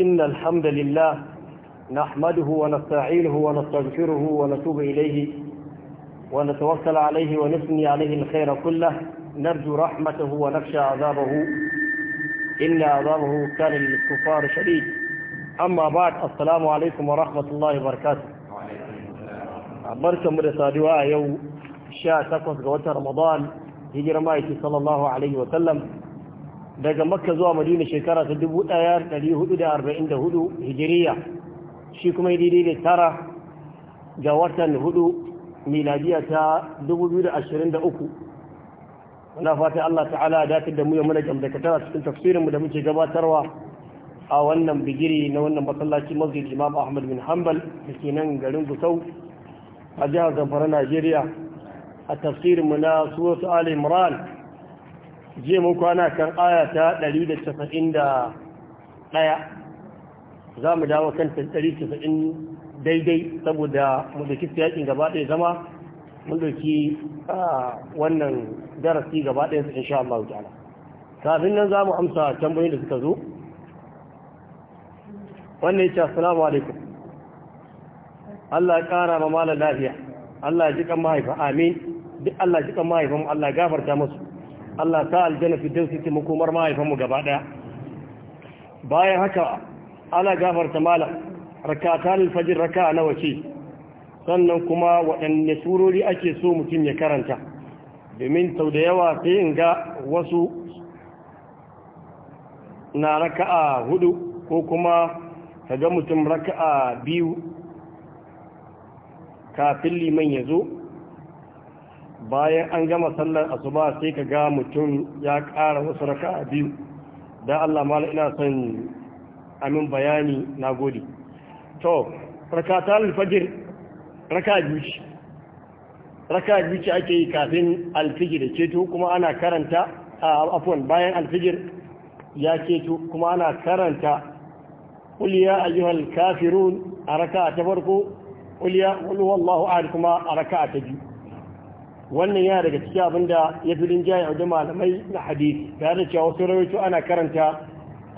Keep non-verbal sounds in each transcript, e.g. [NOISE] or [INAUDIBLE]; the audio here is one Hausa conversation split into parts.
إن الحمد لله نحمده ونستعينه ونستغفره ونتوب إليه ونتوكل عليه ونثني عليه الخير كله نرجو رحمته ونخشى عذابه إن عذابه كان للكفار شديد أما بعد السلام عليكم ورحمة الله وبركاته عبركم رسالة يوم شاء تقص رمضان هجر مايتي صلى الله عليه وسلم daga makka zuwa madina shekara ta 1444 hijiriya shi kuma daidai da tara ga watan hudu miladiya ta 2023 wana fata Allah ta'ala datar da mu ya muna jamdakatara cikin tafsirinmu da muke gabatarwa a wannan bigiri na wannan masallaci masjid imam ahmad bin hanbal da ke nan garin gusau a jihar zamfara najeriya a tafsirinmu na suratu ali imran je mun kwana kan aya ta 191 za mu dawo kan 190 daidai saboda mu da kifta yakin gaba ɗaya zama mun doki wannan darasi gaba ɗaya su insha Allah ta'ala kafin nan za mu amsa tambayoyin da suka zo wannan ya ce assalamu alaikum Allah ya ƙara ma malar lafiya Allah ya ji kan mahaifa amin duk Allah ya ji kan mahaifa Allah ya gafarta musu Allah ta aljanna fi dausi makomar mahaifanmu gaba ɗaya bayan haka ana gafarta malam rakata alfajir raka nawa ce sannan kuma waɗanne surori ake so mutum ya karanta domin sau da yawa sai in ga wasu na raka'a hudu ko kuma ta ga mutum raka'a biyu kafin liman ya zo bayan an gama sallar asuba sai ka ga mutum ya ƙara wasu raka a biyu da Allah ma ina son amin bayani na gode to raka ta alfajir raka biyu ce raka biyu ce ake yi kafin alfijir ceto kuma ana karanta a afon bayan alfijir ya ceto kuma ana karanta kuliya a yi kafirun a raka ta farko kuliya wallahu a kuma a raka ta biyu wannan yana daga cikin abin da ya fi rinjaye a jama'a malamai na hadisi tare da cewa wasu rawaito ana karanta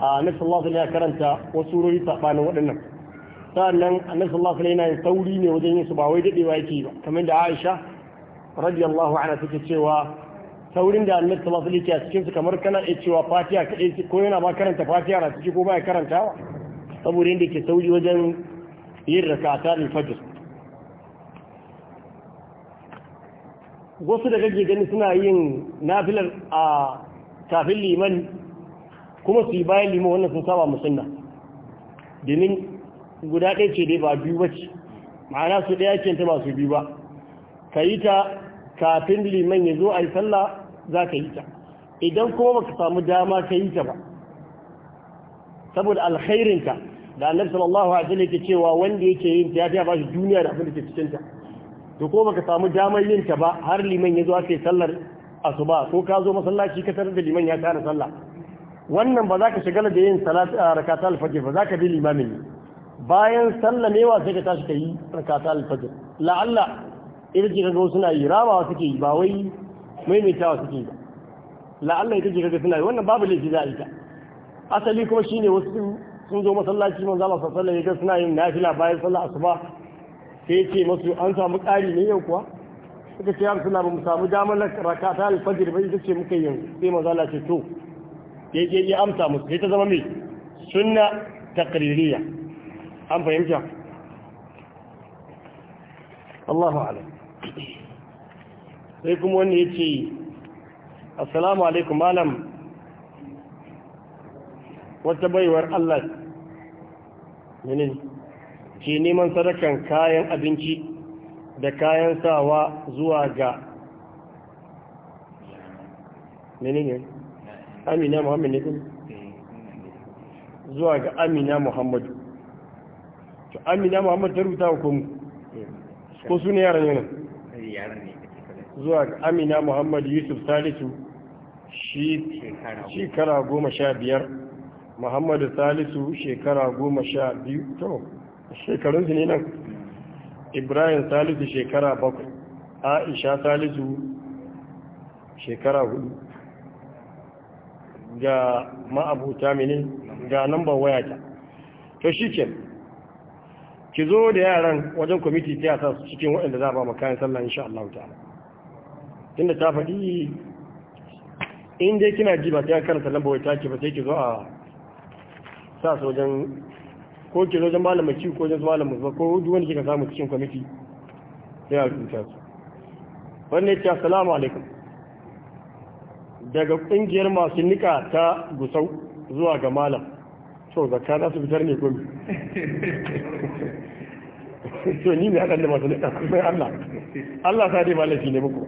a nasu Allah ya karanta wasu rori saɓanin waɗannan sa'annan a nasu Allah yana yin sauri ne wajen yin su ba wai daɗewa yake ba kamar da Aisha radiyallahu anha take cewa saurin da annabi sallallahu alaihi wasallam yake cikin su kamar kana iya cewa Fatiha kadai ko yana ba karanta Fatiha na ciki ko ba baya karantawa saboda yadda ke sauri wajen yin rakata al-fajr wasu da kake gani suna yin nafilar a kafin liman kuma su yi bayan liman wannan sun saba musulna domin guda ɗaya ce dai ba biyu ba ce ma'ana su ɗaya ce ta su biyu ba ka yi ta kafin liman ya zo a yi sallah za ka yi ta idan kuma ba ka samu dama ka yi ta ba saboda alkhairinka da annabi sallallahu alaihi wasallam yake cewa wanda yake yin ta ya ba shi duniya da abin da ke cikin to ko baka samu damar yin ta ba har liman ya zo ake sallar asuba ko ka zo masallaci ka tarar da liman ya tsara sallah wannan ba za ka shigala da yin a rakata alfajir ba za ka bi limamin bayan sallah wa sai ka tashi ka yi rakata alfajir la'alla ita ce kaga suna yi rabawa suke yi ba wai maimaitawa suke yi ba la'alla ita ce kaga suna yi wannan babu laifi za a yi ta asali kuma shine wasu sun zo masallaci mun zama sallallahu alaihi ya ga suna yin nafila bayan sallah asuba sai ce masu an samu ƙari ne yau kuwa suka ce har suna ba mu samu damar raka ta alfajir ba ita ce muka yin sai mazala ce to ya ke iya amsa musu sai ta zama mai sunna taqririya an fahimta Allahu a'lam sai kuma wani ya ce assalamu alaikum malam wata baiwar Allah menene ke neman sadakan kayan abinci da kayan sawa zuwa ga menene amina muhammad ne kuma zuwa ga amina muhammadu to amina muhammad ta rubuta ko mu ko su ne yaran zuwa ga amina muhammad yusuf salisu shi shekara goma sha biyar muhammadu salisu shekara goma sha biyu to shekarun su ne nan ibrahim salisu shekara bakwai aisha salisu shekara hudu ga ma'abuta mini ga waya wayata to shi ke ki zo da yaran wajen kwamiti ta yasa su cikin waɗanda za a ba makayan sallah insha Allah ta'ala tunda ta faɗi in dai kina ji ba ta karanta lambawai ta ke ba sai ki zo a sa su wajen ko ke zo wajen malamin ci ko wajen malamin ba ko duk wanda kika samu cikin kwamiti sai a rubuta su wannan ya ce alaikum daga kungiyar masu nika ta gusau zuwa ga malam so zakka za su fitar ne gomi so [LAUGHS] ni ne haɗar da masu nika sai Allah Allah sa dai malafi ne muku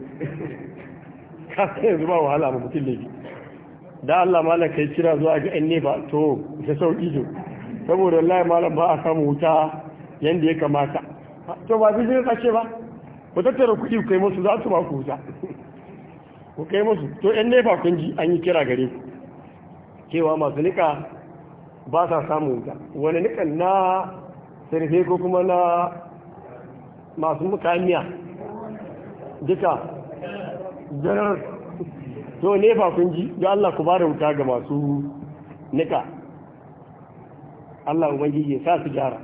ka sai yanzu ba wahala ba mutum laifi da Allah malaka ya kira zuwa ga ɗan ba to da sauƙi zo saboda ya malam ba a samu wuta yanda ya kamata to ba bijin kace ba ku tattara kuɗi kai musu za su ba ku wuta ku kai musu to yan nefa kun ji an yi kira gare ku cewa masu nika ba sa samu wuta wani nikan na sarfe ko kuma na masu mukamiya duka jarar to nefa kun ji don Allah ku ba da wuta ga masu nika Allah ubangiji ya sa su gyara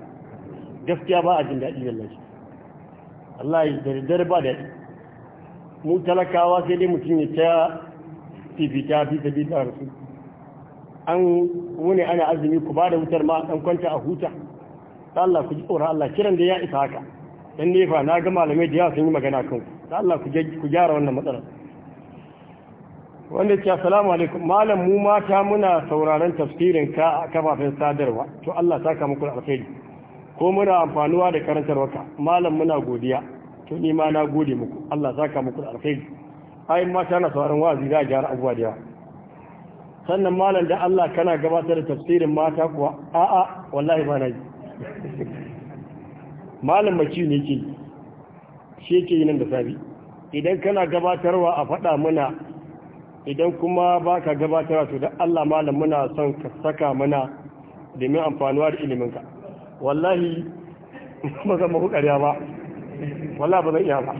gaskiya ba a jin daɗi wallahi Allah ya dare ba daɗi mu talakawa sai dai mutum ya ta fifita fi sabita rasu an wuni ana azumi ku ba da wutar ma dan kwanta a huta Allah ku ji tsoron Allah kiran da ya isa haka dan nefa na ga malamai da yawa sun yi magana kan ku Allah ku gyara wannan matsalar wanda ke assalamu alaikum malam mu mata muna sauraron tafsirin ka a kafafen sadarwa to Allah saka muku alkhairi ko muna amfanuwa da waka malam muna godiya to ni ma na gode muku Allah saka muku alkhairi ai mata na sauraron wazi da gyara abuwa da yawa sannan malam da Allah kana gabatar da tafsirin mata kuwa a'a wallahi ba na ji. [LAUGHS] malam maci ne ke shi yake yi nan da sabi idan kana gabatarwa a faɗa muna. idan kuma ba ka gabatarwa to da Allah malam muna son ka saka mana domin amfanuwa da iliminka wallahi [LAUGHS] ba zan maku ƙarya ba wallahi ba zan iya ba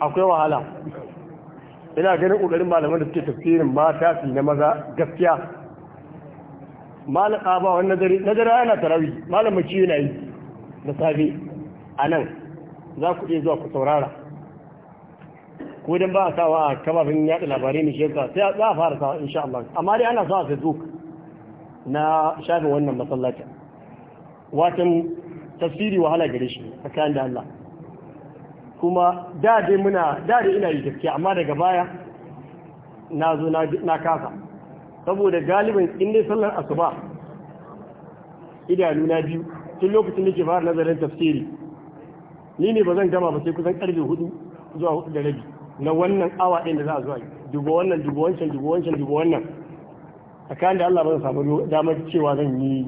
akwai wahala ina ganin ƙoƙarin malaman da suke tafsirin ta fi na maza gaskiya malam ba wani nazari nazari yana tarawi malam mace yana yi da safe a nan za ku iya zuwa ku saurara ko dan ba a sawa a kababen yaɗa labarai mai shekara sai za a fara sawa insha Allah amma dai ana sawa Facebook na shafin wannan masallacin watan tafsiri wahala gare shi kayan da Allah kuma da dai muna da dai ina yi gaskiya amma daga baya na zo na kasa saboda galibin in dai sallar asuba idanu na biyu tun lokacin da ke fara nazarin tafsiri ni ne ba zan gama ba sai kusan karfe hudu zuwa hudu da rabi na wannan awa ɗin da za a zuwa duba wannan duba wancan duba wancan duba wannan a kayan da Allah ba zan samu damar cewa zan yi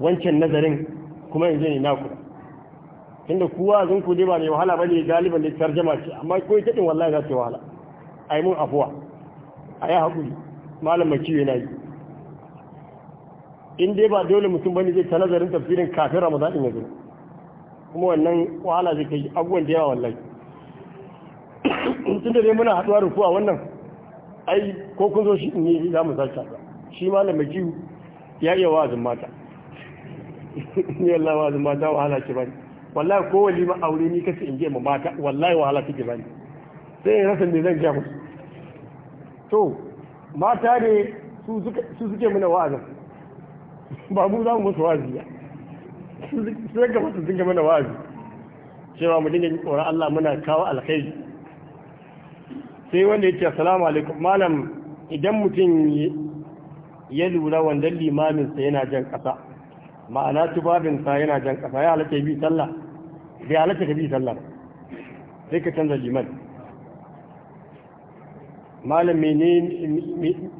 wancan nazarin kuma yanzu ne naku tunda kuwa zan ku dai ba ne wahala ba ne galiban da tarjama ce amma ko ita din wallahi za ta wahala a yi mun afuwa a yi haƙuri malam mai ciwo yana yi in dai ba dole mutum bane zai ta nazarin tafsirin kafin ramadan ya zo kuma wannan wahala zai kai abubuwan da yawa wallahi tun da dai muna haɗuwa da a wannan ai ko kun zo shi ne za mu zarta ba shi malam mai ya iya wa'azin mata ni Allah wa'azin mata wahala ki bani wallahi ko wali ma aure ni kace in je mu mata wallahi wahala take bani sai in rasa ne zan ga musu to mata ne su suke mana wa'azin ba mu za mu musu wa'azi ba su ga mata sun ga mana wa'azi cewa mu dinga tsoron Allah muna kawo alkhairi sai wanda ya ce salamu alaikum malam idan mutum ya lura wanda limaminsa yana jan ƙasa ma'ana tubabinsa yana jan ƙasa ya halatta bi sallah bai halatta ka bi sallah sai ka canza liman malam menene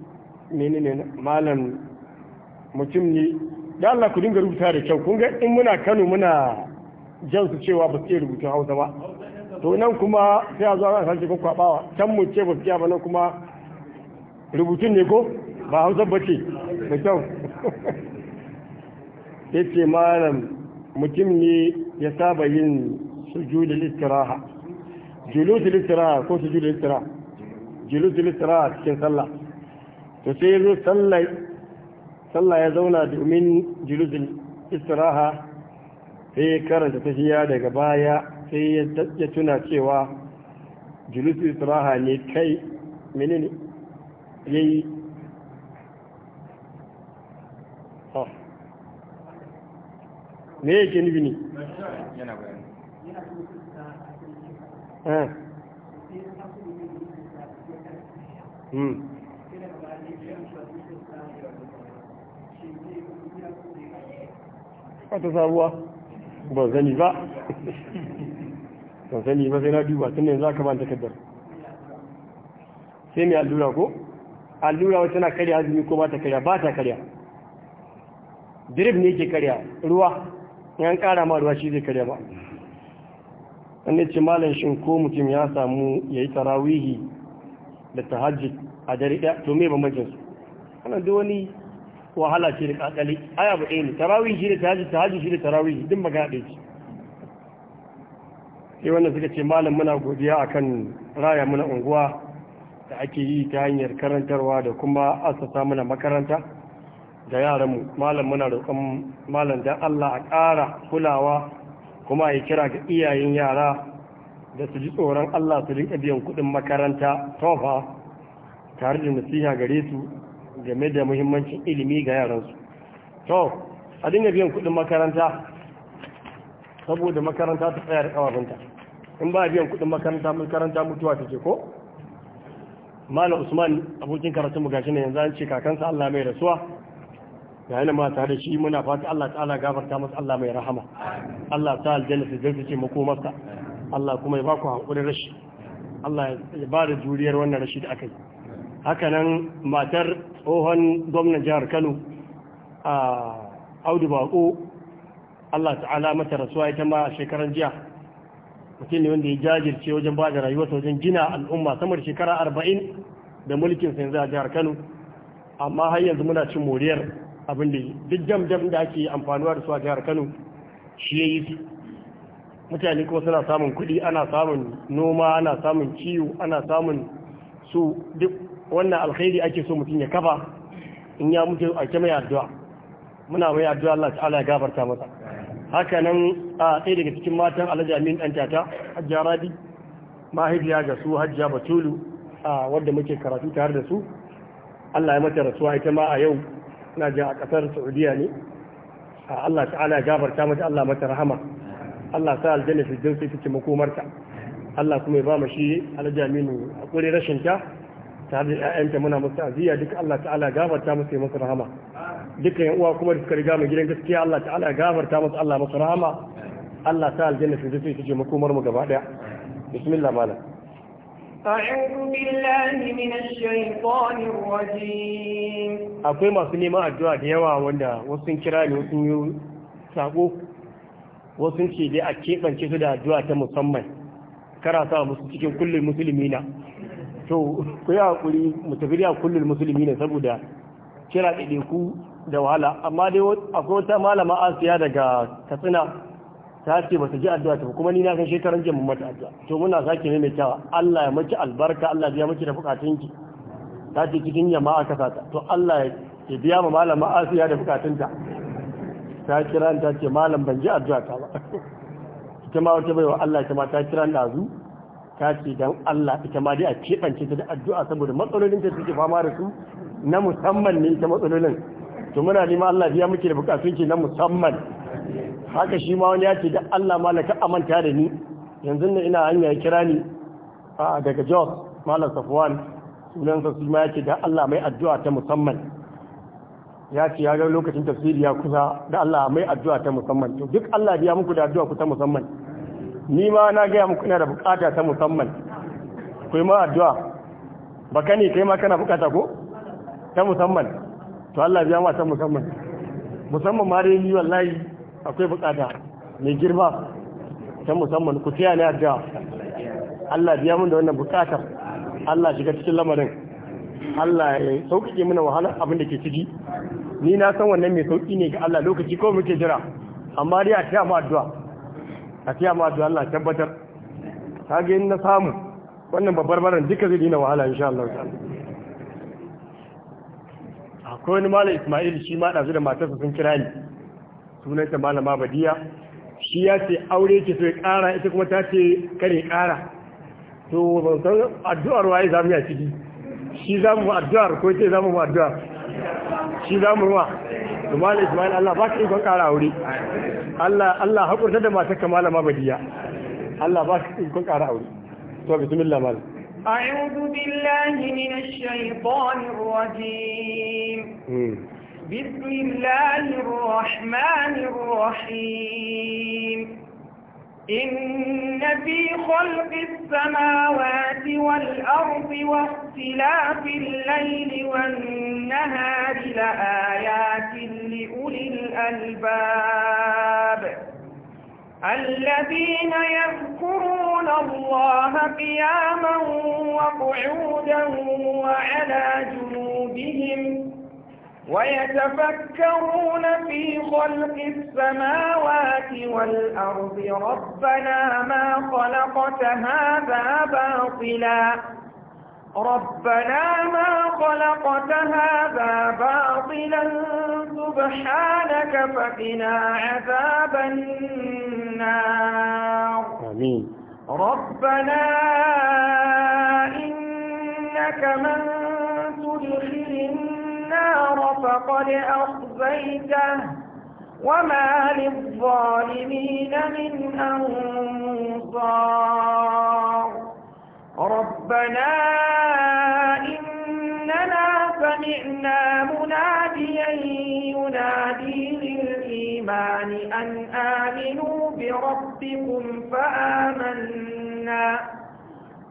malam mutum ne da Allah ku dinga rubuta da kyau kun ga in muna Kano muna jan su cewa ba su iya rubutun Hausa ba to nan kuma sai a zo an sace ko kwabawa can mu ce ba fiya ba nan kuma rubutun ne ko ba hausa ba ce da kyau [LAUGHS] yace malam mutum ne ya saba yin sujudul istiraha juludul istiraha ko sujudul istiraha juludul istiraha cikin sallah to sai yazo sallah sallah ya zauna domin juludul istiraha sai karanta tafiya daga baya sai ya tuna cewa julusu israha ne kai menene ya yi me yake nufi ne Hmm. Wata sabuwa, ba zani ba. [LAUGHS] ban sani ba sai na duba tun yanzu aka ban takardar sai mai allura ko allura wata na karya azumi ko ba ta karya ba ta karya drip ne ke karya ruwa yan kara ma ruwa shi zai karya ba an ne ce malam shi ko mutum ya samu ya yi tarawihi da hajji a dare ɗaya to mai bambancin su wannan duk wani wahala ce da kakali aya ba ɗaya ne tarawihi shi da ta hajji shi da tarawihi duk magana ɗaya ce sai wannan suka ce malam muna godiya akan raya muna unguwa da ake yi ta hanyar karantarwa da kuma asasa muna makaranta da yaranmu malam muna roƙon malam dan Allah a ƙara kulawa kuma a ya kira ga iyayen yara da su ji tsoron Allah su rinka biyan kuɗin makaranta tofa tare da nasiha gare su game da muhimmancin ilimi ga yaransu to a dinga biyan kuɗin makaranta saboda makaranta ta da ƙawafinta in ba biyan kuɗin makaranta mun karanta mutuwa take ko malam usman abokin karatu mu gashi ne yanzu an ce kakansa Allah mai rasuwa ga yana ma tare shi muna fata Allah ta'ala gafarta masa Allah mai rahama Allah ta aljanna su zai ce masa Allah kuma ya baku hakurin rashi Allah ya ba da juriyar wannan rashi da aka haka nan matar tsohon gwamnan jihar Kano a Audu Bako Allah ta'ala mata rasuwa ita ma a shekaran jiya mutum ne wanda ya jajirce wajen ba da ta wajen gina al'umma samar shekara arba'in da mulkin sai a jihar kano amma har yanzu muna cin moriyar abin da duk jam jam da ake amfanuwa da su a jihar kano shi ya yi mutane kuma suna samun kuɗi ana samun noma ana samun ciwo ana samun su duk wannan alkhairi ake so mutum ya kafa in ya mutu a mai addu'a muna mai addu'a Allah ta'ala ya gafarta masa haka nan a ɗaya daga cikin matan alajamin amin ɗan tata hajja rabi mahajiya ga su hajja batulu a wadda muke karatu tare da su allah ya mata rasuwa ita ma a yau na ji a ƙasar saudiya ne allah ta'ala ya gafarta mata allah mata rahama allah sa aljanna fi jinsi fi makomarta allah kuma ya ba mu shi alajamin a ƙure rashin ta tare da ƴaƴanta muna musu aziya duk allah ta'ala ya gafarta musu ya masa rahama dukkan yan uwa kuma da suka riga mu gidan gaskiya Allah ta'ala ya gafarta musu Allah masu rahama Allah ta aljanna su zai su je makomar mu gaba daya bismillah malam أعوذ بالله من الشيطان الرجيم akwai masu neman addu'a da yawa wanda wasu sun kira ni wasu yi sako wasu sun ce dai a keɓance su da addu'a ta musamman karata musu cikin kullum musulmi na to ku yi hakuri mu tafi da kullum musulmi ne saboda kira ɗaiɗaiku da wahala amma dai akwai wata malama asiya daga katsina ta ce ba su ji addu'a ta kuma ni na san shekaran jin mata addu'a to muna sake maimaitawa Allah ya miki albarka Allah ya biya maki da bukatunki ta ce cikin yamma ka sata to Allah ya biya ma malama asiya da bukatun ta kira ta ce malam ban ji addu'a ta ba [LAUGHS] ita ma wata baiwa Allah ita ma ta kira zu ta ce dan Allah ita ma dai a keɓance ta da addu'a saboda matsalolin da suke fama da su na musamman ne ita matsalolin to muna neman Allah biya muke da bukatun ki na musamman haka shi ma wani ya ce da Allah malaka amanta da ni yanzu ne ina hanya ya kira ni a daga Jos Malam Safwan sunan sa shi ma ya ce da Allah mai addu'a ta musamman ya ce ya ga lokacin tafsiri ya kusa da Allah mai addu'a ta musamman to duk Allah biya muku da addu'a ku ta musamman ni ma na ga muku ina da bukata ta musamman ku yi ma addu'a baka ne kai ma kana bukata ko ta musamman to Allah biya mata musamman musamman ma dai ni wallahi akwai bukata mai girma ta musamman ku tiya ne addua Allah biya mun da wannan bukata Allah shiga cikin lamarin Allah ya sauƙaƙe mana wahala abin da ke ciki ni na san wannan mai sauƙi ne ga Allah lokaci ko muke jira amma dai a tiya mu addu'a a tiya mu addu'a Allah tabbatar kage in na samu wannan babbar baran duka zai dina wahala insha Allah ta'ala akwai wani malam Ismail shi ma ɗazu da matarsa sun kira ni ta malama Badiya shi ya ce aure ke so ya ƙara ita kuma ta ce kare ƙara to ban san addu'ar waye zamu ya ciki shi zamu mu addu'ar ko ce zamu mu addu'ar shi zamu ruwa to malam Ismail Allah ba ka ikon ƙara aure Allah Allah hakurta da matarka malama Badiya Allah ba ka ikon ƙara aure to bismillah malam أعوذ بالله من الشيطان الرجيم بسم الله الرحمن الرحيم إن في خلق السماوات والأرض واختلاف الليل والنهار لآيات لأولي الألباب الذين يذكرون الله قياما وقعودا وعلى جنوبهم ويتفكرون في خلق السماوات والأرض ربنا ما خلقت هذا باطلاً ربنا ما خلقت هذا باطلا سبحانك فقنا عذاب النار آمين ربنا إنك من تدخل النار فقد أخزيته وما للظالمين من أنصار ربنا إننا سمعنا مناديا ينادي للإيمان أن آمنوا بربكم فآمنا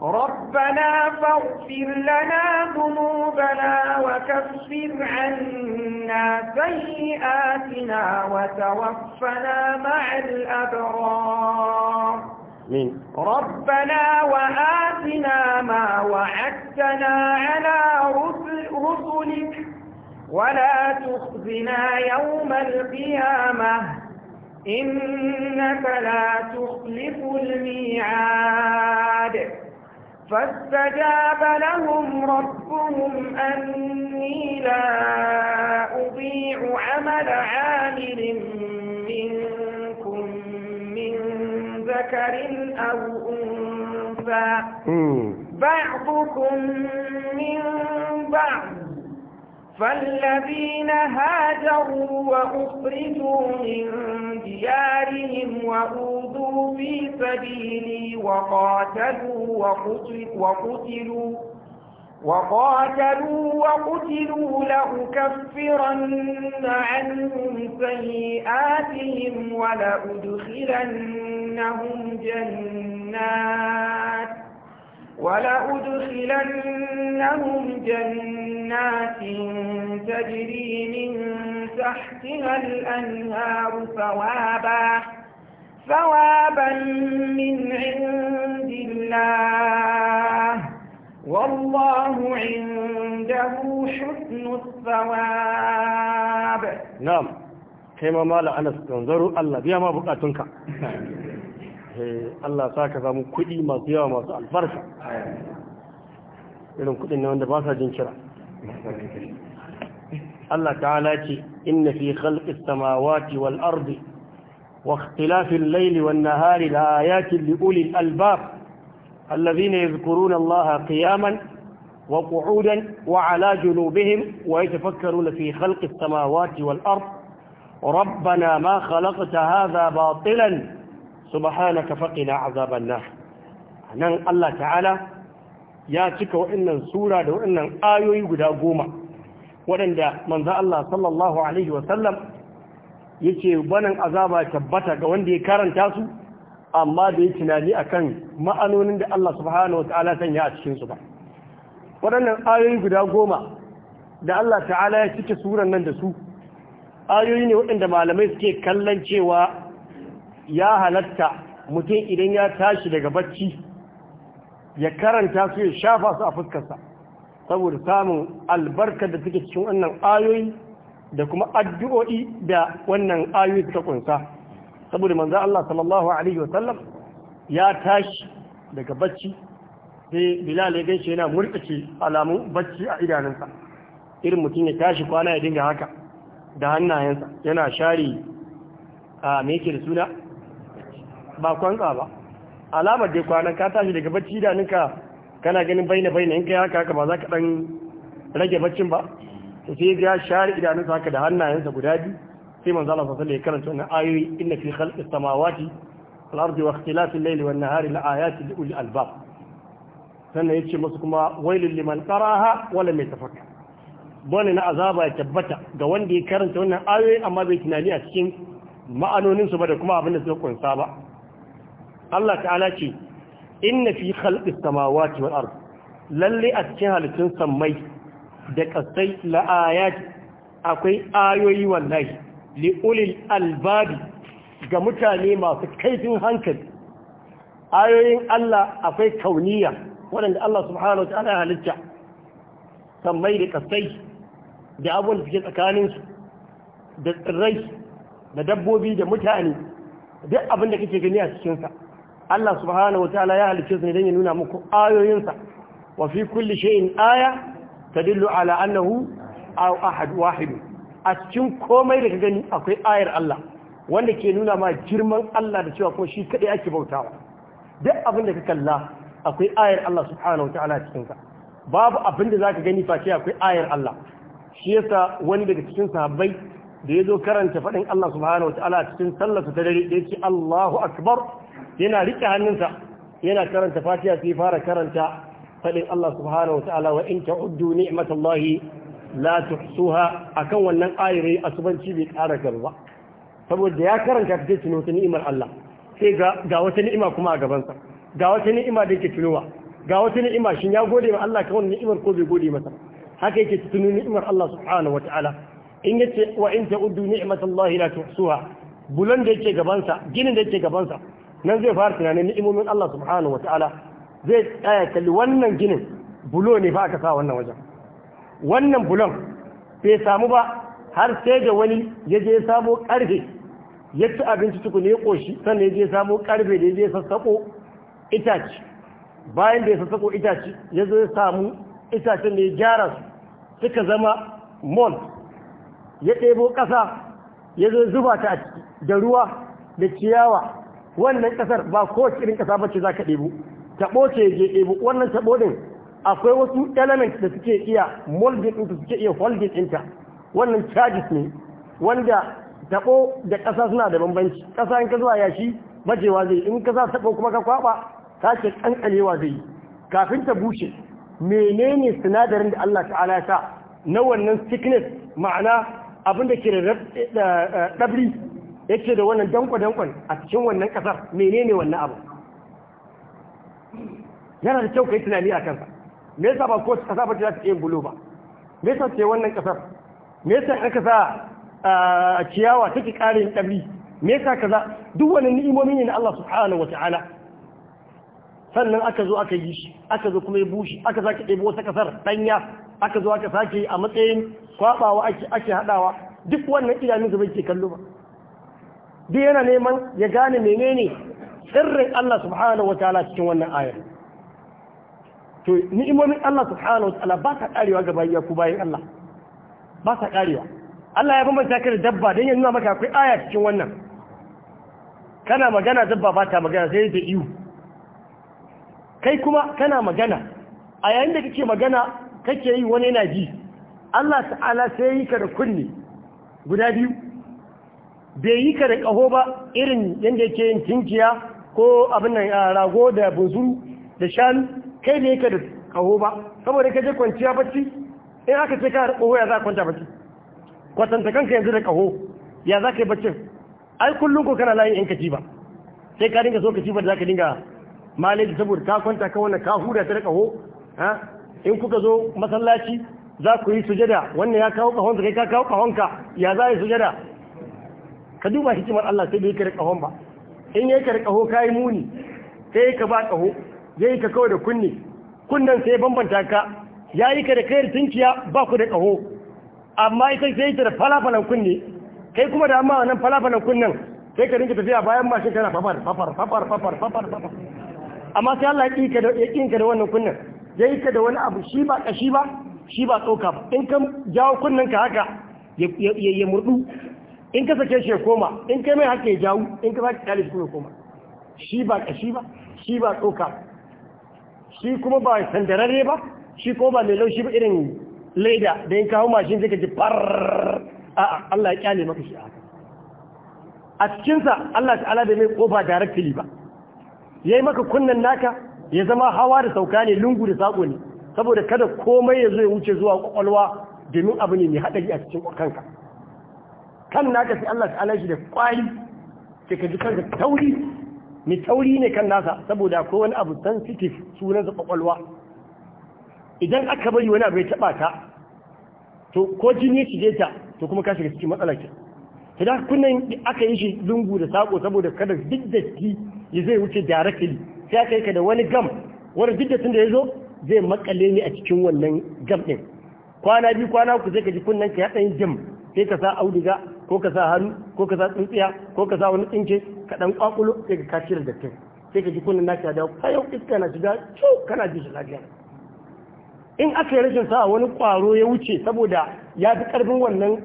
ربنا فاغفر لنا ذنوبنا وكفر عنا سيئاتنا وتوفنا مع الأبرار مين ربنا وآتنا ما وعدتنا على رسلك ولا تخزنا يوم القيامة إنك لا تخلف الميعاد فاستجاب لهم ربهم أني لا أضيع عمل عامل منكم ذكر أو أنثى بعضكم من بعض فالذين هاجروا وأخرجوا من ديارهم وأوذوا في سبيلي وقاتلوا وقتلوا وقاتلوا وقتلوا لأكفرن عنهم سيئاتهم ولأدخلنهم جنات ولأدخلنهم جنات تجري من تحتها الأنهار ثوابا ثوابا من عند الله والله عنده حسن الثواب نعم كما مال أنس تنظروا الله بيا ما بقاتنك Allah sa ka samu kuɗi masu yawa masu albarka irin kuɗin ne wanda ba sa jin kira Allah ta'ala ce inna fi khalqis samawati wal ardi wa ikhtilafil layli wan nahari la ayatin li ulil albab الذين يذكرون الله قياما وقعودا وعلى جنوبهم ويتفكرون في خلق السماوات والأرض ربنا ما خلقت هذا باطلا سبحانك فقنا عذاب النار nan Allah ta'ala ya cika wa'annan sura da wa'annan ayoyi guda goma waɗanda manzo Allah sallallahu alaihi wasallam yace banan azaba tabbata ga wanda ya karanta su amma da yi tunani akan ma'anonin da Allah subhanahu wa ta'ala sanya a cikinsu ba waɗannan ayoyi guda goma da Allah ta'ala ya cike suran nan da su ayoyi ne waɗanda malamai suke kallon cewa ya halatta mutum idan ya tashi daga bacci ya karanta su ya shafa su a fuskarsa saboda samun albarkar da suke cikin wannan ayoyi da kuma addu'o'i da wannan ayoyi suka kunsa saboda manzo Allah sallallahu alaihi sallam ya tashi daga bacci sai Bilal ya gaishe yana murƙace alamun bacci a idanunsa irin mutum ya tashi kwana ya dinga haka da hannayensa yana share a me yake da suna ba kwantsa ba alamar dai kwana ka tashi daga bacci idanunka kana ganin baina baina in kai haka haka ba za ka dan rage baccin ba sai ya share idanunsa haka da hannayensa guda biyu sai manzo Allah sallallahu alaihi karanta wannan ayoyi inna fi khalqis samawati wal ardi wa ikhtilafil layli wan nahari la ayatin li ulil albab sannan yace musu kuma wailul liman qaraha wa lam yatafakkar bane na azaba ya tabbata da wanda ya karanta wannan ayoyi amma bai tunani a cikin ma'anoninsu su ba da kuma abin da suka kunsa ba Allah ta'ala ce inna fi khalqis a cikin halittun sammai da kasai akwai ayoyi li'ulil albabi ga mutane masu kaifin hankali ayoyin Allah akwai kauniya waɗanda Allah subhanahu wa ta'ala halitta sammai da kasai da abun da suke tsakaninsu da tsirrai da dabbobi da mutane duk abin da kake gani a cikinsa Allah subhanahu wa ta'ala ya halicce su ne don ya nuna muku ayoyinsa wa fi kulli shay'in aya tadullu ala annahu aw ahad wahid a cikin komai da ka gani akwai ayar Allah wanda ke nuna ma girman Allah da cewa kuma shi kaɗai ake bautawa duk abin da ka kalla akwai ayar Allah subhanahu wa cikin ka babu abin da zaka gani face akwai ayar Allah shi yasa wani daga cikin sahabbai da ya zo karanta faɗin Allah subhanahu wa ta'ala cikin sallarsa ta dare da ce Allahu akbar yana riƙe hannunsa yana karanta fatiha sai fara karanta faɗin Allah subhanahu wa ta'ala wa in ta'uddu ni'matallahi la tuhsuha akan wannan ayar asubanci bai ƙara gaba saboda ya karanta ta tuno ta ni'imar Allah sai ga wata ni'ima kuma a gabansa ga wata ni'ima da yake tunowa ga wata ni'ima shin ya gode wa Allah kawai ni'imar ko bai gode masa haka yake tuno ni'imar Allah subhanahu wataala in yace wa in ta'uddu ni'matallahi la tuhsuha bulan da yake gabansa ginin da yake gabansa nan zai fara tunanin ni'imomin Allah subhanahu wataala zai tsaya kalli wannan ginin bulo ne fa aka sa wannan wajen wannan bulon bai samu ba har sai da wani ya je samo karfe ya ci abinci tukun ya koshi sannan ya je samo karfe da ya je sassako itace bayan da ya sassako itace ya zo ya samu itacen da ya gyara su suka zama mont ya ɗebo ƙasa ya zo zuba ta da ruwa da ciyawa wannan ƙasar ba ko irin ƙasa ba ce za ka ɗebo taɓo ce ya je ɗebo wannan taɓo ɗin akwai wasu element da suke iya molding ɗinta suke iya holding ɗinta wannan charges ne wanda tabo da ƙasa suna da bambanci ƙasa in ka zuwa yashi majewa zai in ka sa tabo kuma ka kwaba ta ce kankalewa zai kafin ta bushe menene sinadarin da Allah ta'ala ya sa na wannan sickness ma'ana abin da ke da eh, eh, dabri yake da wannan dankon-dankon a cikin wannan ƙasar menene wannan abu yana da kyau kai tunani a kansa me yasa ba ko kasa ba za ta iya bulo ba me yasa ce wannan kasar me yasa aka sa a ciyawa take ƙarin ɗab'i me yasa kaza duk wani ni'imomi ne na Allah subhanahu wa sannan aka zo aka yi shi aka zo kuma ya bushe aka sake ɗebo wata kasar ɗanya aka zo aka sake a matsayin kwabawa ake ake haɗawa duk wannan idanun zubai ke kallo ba duk yana neman ya gane menene sirrin Allah subhanahu wa cikin wannan ayar to ni'imomin Allah subhanahu wa ta'ala ba ta karewa ga bayi ku bayan Allah ba ta karewa Allah ya bambanta ka da dabba dan ya nuna maka akwai aya cikin wannan kana magana dabba ba ta magana sai ta iyu kai kuma kana magana a yayin da kake magana kake yi wani yana ji Allah ta'ala sai yi ka da kunni guda biyu bai yi ka da kaho ba irin yadda yake yin tinkiya ko abin nan rago da bunzuru da shanu kai ne yake da kaho ba saboda ka je kwanciya bacci in aka ce ka kaho ya za ka kwanta bacci kwatanta kanka yanzu da kaho ya za ka yi baccin ai kullum ko kana layin in ka ba sai ka dinga so ka ba da za ka dinga maleji saboda ka kwanta ka wannan ka huda ta da kaho ha in kuka zo masallaci za ku yi sujada wannan ya kawo kahon kai ka kawo kahonka ya za yi sujada ka duba hikimar Allah sai bai ka da kahon ba in ya ka da kaho ka yi muni sai ka ba kaho ya yi ka kawai da kunne kunnan sai bambanta ka ya yi ka da kayar tunkiya ba ku da ƙaho amma ita sai yi ta da falafalan kunne kai kuma da amma wannan falafalan kunnan sai ka rinka tafiya bayan mashin kana fafar fafar fafar fafar fafar fafar amma sai Allah ya ka da wannan kunnan ya yi ka da wani abu shi ba ƙashi ba shi ba tsoka ba in ka jawo kunnan ka haka ya murdu in ka sake shi ya koma in kai mai haka ya jawo in ka sake kyale shi kuma koma shi ba ƙashi ba shi ba tsoka shi kuma ba sandararre ba shi kuma ba mai laushi ba irin leda da yin kawo mashin zai gaji ji a Allah ya kyale maka shi aka a cikinsa Allah ta'ala bai mai kofa directly ba ya yi maka kunnen naka ya zama hawa da sauka ne lungu da sako ne saboda kada komai ya zo ya wuce zuwa kwakwalwa domin abu ne mai haɗari a cikin kanka kan naka sai Allah ta'ala shi da kwari ka ji kanka tauri mai tsauri ne kan nasa saboda ko wani abu sensitive sunan zaɓa kwakwalwa idan aka bari wani abu ya taba ta to ko jini ya shige ta to kuma ka shiga cikin matsalar ki to da kunnan aka yi shi lungu da sako saboda kada duk datti ya zai wuce directly sai aka yi ka da wani gam wani duk da ya zo zai makale ni a cikin wannan gam din kwana biyu kwana uku zai ka ji kunnen ka ya dan jim sai ka sa auduga ko ka sa hannu ko ka sa tsintsiya ko ka sa wani tsinke ka dan kwakulo sai ka kashi da dattin sai ka ji kunnen naka ya dawo fayau iska na shiga ciwo kana ji shi lafiya in aka yi rashin sa wani kwaro ya wuce saboda ya fi karfin wannan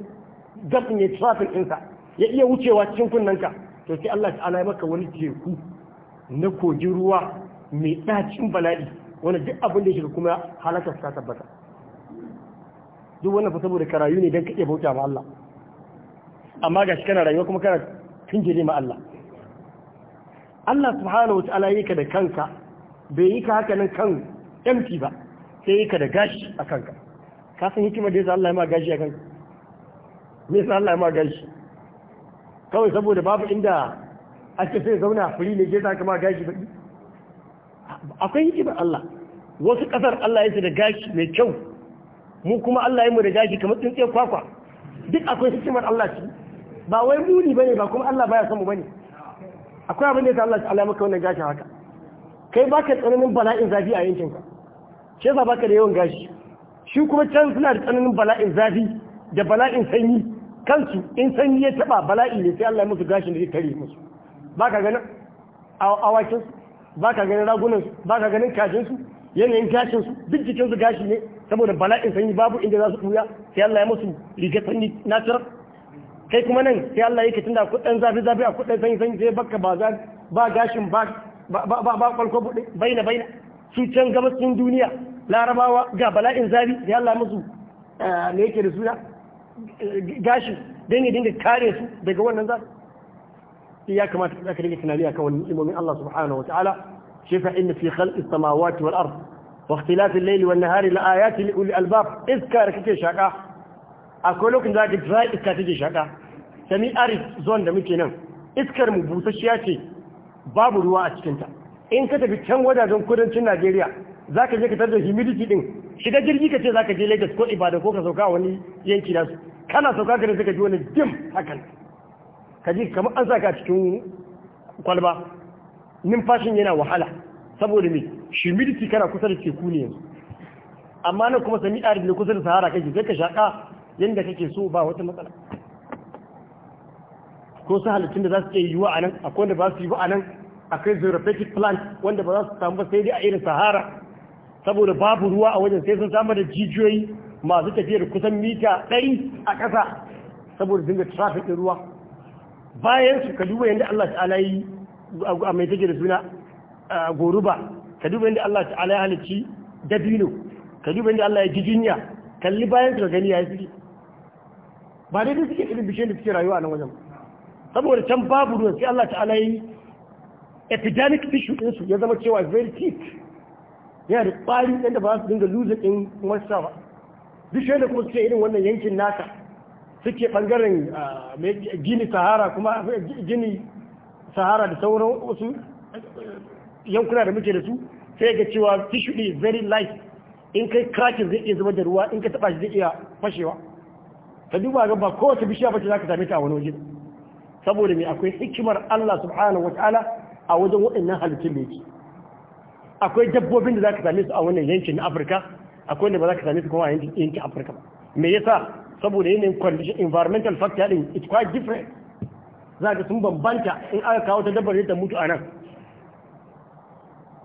gab ne traffic ɗinsa ya iya wucewa cikin ka to sai Allah ta'ala ya maka wani teku na kogin ruwa mai ɗacin bala'i wani duk abin da ya shiga kuma halakar ta tabbata duk wannan fa saboda karayu ne dan kake bauta ma Allah amma gashi kana rayuwa kuma kana tunjire ma Allah Allah subhanahu wataala yake da kanka bai yi ka haka nan kan empty ba sai yake da gashi a kanka ka san hikimar da yasa Allah ya ma gashi a kanka me yasa Allah ya ma gashi kawai saboda babu inda ake sai zauna fili ne ke ka ma gashi ba akwai hikimar Allah wasu kasar Allah ya da gashi mai kyau mu kuma Allah ya mu da gashi kamar tsintsiyar kwakwa duk akwai hikimar Allah ci ba wai muni bane ba kuma Allah baya son mu bane akwai abin da ya Allah ya Allah maka wannan gashi haka kai baka tsananin bala'in zafi a yankin ka shi yasa baka da yawan gashi shi kuma can suna da tsananin bala'in zafi da bala'in sanyi kansu in sanyi ya taba bala'i ne sai Allah ya musu gashin da zai tare musu baka ganin awakin su baka ganin ragunan su baka ganin kajin su yanayin gashin su duk jikin su gashi ne saboda bala'in sanyi babu inda za su buya sai Allah ya musu rigar sanyi natural kai kuma nan sai Allah yake tunda kudin zafi zafi a kudin sanyi sanyi sai baka ba za ba gashin ba ba ba kwalko bude baina baina su can gabacin duniya larabawa ga bala'in zafi sai Allah ya musu eh, me yake da suna gashi dan ya dinga kare su daga wannan zafi ya kamata za ka dinga tunani akan wannan imomin Allah subhanahu wa ta'ala shi fa inna fi khalqis samawati wal ardh واختلاف الليل والنهار لآيات لأولي الباب إذكار كتير شاكا أقول لكم ذاك دراي إذكار كتير شاكا سمي أريد زون دا ميكي نم إذكار مبوسشياتي babu ruwa a cikinta in ka tafi can wajajen kudancin Najeriya za ka je ka tarda humidity din shiga jirgi ka ce za ka je Lagos ko Ibadan ko ka sauka a wani yanki nasu kana sauka ka ka ji wani dim hakan ka ji kamar an saka cikin kwalba numfashin yana wahala saboda me humidity kana kusa da teku ne yanzu amma nan kuma sami arid ne kusa da sahara kake sai ka shaka yadda kake so ba wata matsala ko su halittun da za su iya yiwuwa a nan akwai wanda ba su yiwu a nan akwai zorophagic plant wanda ba za su samu ba sai dai a irin sahara saboda babu ruwa a wajen sai sun samu da jijiyoyi masu tafiyar kusan mita ɗari a ƙasa saboda dinga trafik ruwa bayan su ka duba yadda Allah ta'ala yi a mai take da suna goruba ka duba inda Allah ta'ala ya halicci dabino ka duba inda Allah ya ji jinya kalli bayan ka gani ya yi ba dai suke irin bishiyar da suke rayuwa nan wajen saboda can babu ruwan sai Allah ta'ala yi epidemic issue ɗinsu ya zama cewa very thick yana da tsari ɗan da ba su dinga lose ɗin wasa ba bishiyar da kuma suke irin wannan yankin naka suke bangaren ah, gini sahara kuma gini sahara da sauran wasu yankuna da muke da su sai ga cewa fish is very light in kai cracking zai iya zama da ruwa in ka taba shi zai iya fashewa ka duba ga ba kowace bishiya bace zaka same ta a wani waje saboda me akwai hikimar Allah subhanahu wataala a wajen waɗannan halittun da yake akwai dabbobin da zaka same su a wannan yankin na Afirka akwai da ba zaka same su kuma a yankin Afirka ba me yasa saboda yanayin condition environmental factor din it's quite different zaka sun bambanta in aka kawo ta dabbar ta mutu a nan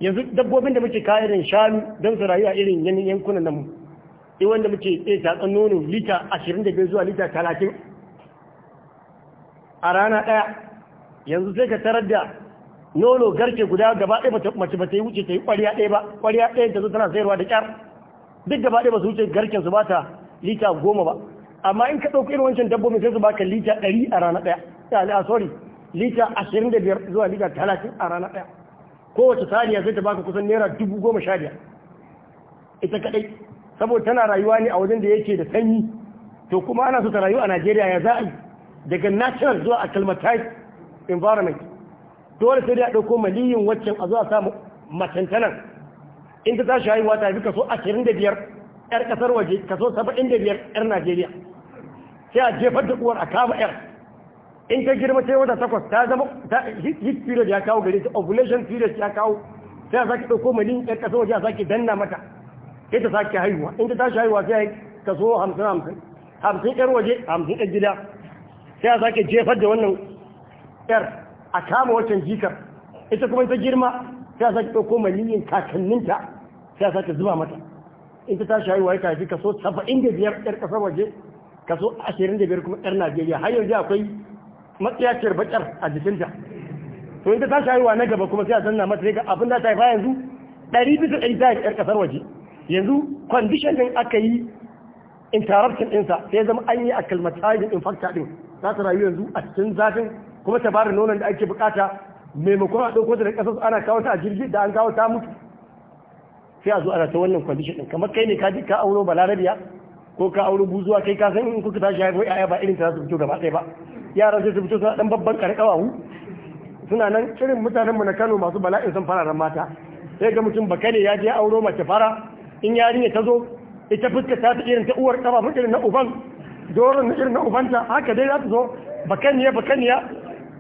yanzu dabbobin da muke irin shanu don su rayu a irin yanin yankunan namu sai wanda muke ɗaya tatsan nono lita 25 zuwa lita 30 a rana ɗaya yanzu sai ka tarar da nono garke guda gaba ɗaya mace ba ta yi wuce ta yi ƙwariya ɗaya ba ƙwariya ɗaya ta zo tana sayarwa da ƙyar duk gaba ɗaya ba su wuce garken su ba ta lita goma ba amma in ka ɗauki irin wancan dabbobin sai su baka lita ɗari a rana ɗaya sorry lita ashirin da biyar zuwa lita talatin a rana ɗaya kowace saniya zai ta baka kusan naira dubu goma sha biyar ita kadai saboda tana rayuwa ne a wajen da yake da sanyi to kuma ana so ta rayu a najeriya ya za yi daga natural zuwa acclimatized environment dole sai dai a ɗauko maliyin waccan a zuwa samu matantanan in ta tashi haihuwa ta fi kaso 25 'yar kasar waje kaso 75 'yar najeriya sai a jefar da uwar a kama 'yar in ka girma sai wata takwas ta zama hit period ya kawo gare ta ovulation period ya kawo sai a sake ɗauko mai ƴar ƙasa waje a sake danna mata sai ta sake haihuwa in ta tashi haihuwa sai kaso hamsin hamsin hamsin ƴar waje hamsin ƴar gida sai a sake jefar da wannan ƴar a kama wancan jikar ita kuma ta girma sai a sake ɗauko maniyin kakanninta sai a sake zuba mata in ta tashi haihuwa ya haifi kaso saba'in da biyar ƴar ƙasar waje kaso ashirin da biyar kuma ƴar najeriya har yanzu akwai matsiyaciyar bakar a jikinta to in ta shayi wa na gaba kuma sai a sanna mata ga abin da ta haifa yanzu ɗari bisa ɗari ta haifi ƙasar waje yanzu kwandishan din aka yi interruption ɗinsa sai zama an yi acclimatizing infanta ɗin za ta rayu yanzu a cikin zafin kuma ta bari nonon da ake bukata maimakon a ɗauko ta da ƙasar ana kawo ta a jirgi da an kawo ta mutu sai a zo ana ta wannan condition ɗin kamar kai ne ka ka auro balarabiya ko ka auro buzuwa kai ka san in kuka tashi haifo ya'ya ba irin ta za su fito gaba ɗaya ba yaran sai su fito suna dan babban karkawawu suna nan irin mutanen mu na Kano masu bala'in san fararen mata sai ga mutum baka ne ya je auro mace fara in yarinya ta zo ita fuska ta ta irin ta uwar kafa mutum na uban doron na irin na ubanta haka dai za ta zo ne baka ne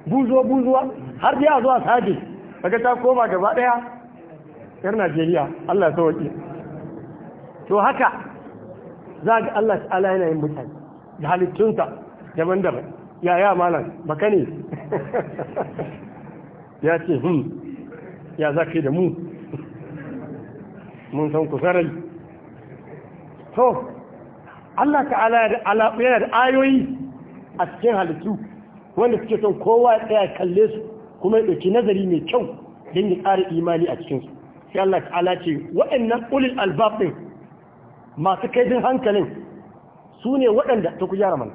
buzo buzuwa har dai a zo zuwa sage daga ta koma gaba daya yar Najeriya Allah ya sauke to haka za ga Allah ta'ala yana yin mutane da halittunsa daban-daban ya ya malam baka ne [LAUGHS] ya ce hmm ya za da mu mun san ku to Allah ta'ala yana da ayoyi a cikin halittu wanda suke son kowa ya tsaya kalle su kuma ya ɗauki nazari mai kyau don ya ƙara imani a cikinsu sai Allah ta'ala ce waɗannan ulil albafin masu kaidin hankalin su ne waɗanda ta ku gyara mana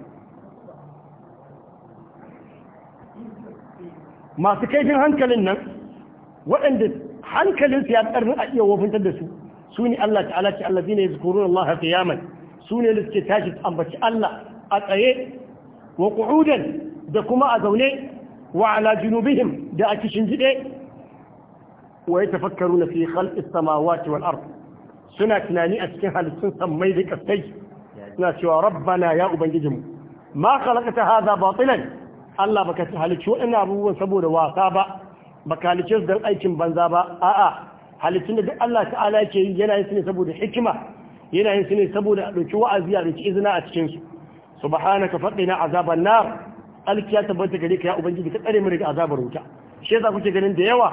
masu kaifin hankalin nan waɗanda hankalin su ya karni a iya wofintar da su su ne Allah ta'ala ce Allah zina ya zukuru Allah qiyaman su ne da suke tashi ambaci Allah a tsaye wa da kuma a zaune wa ala junubihim da a kishin jide wa na fi khalqis samawati wal ard suna tunani a cikin halittun sammai da kasai suna cewa rabbana ya ubangijinmu ma khalaqta hadha batilan Allah baka halicci waɗannan abubuwan saboda wasa ba baka halicce su don aikin banza ba a'a halicci da duk Allah ta'ala yake yi yana yin su ne saboda hikima yana yin su ne saboda a ɗauki wa'azi a ɗauki izina a cikin su ka faɗi na azaban na alkiya tabbata gare ka ya ubangiji ka tsare mu daga azabar wuta shi yasa kuke ganin da yawa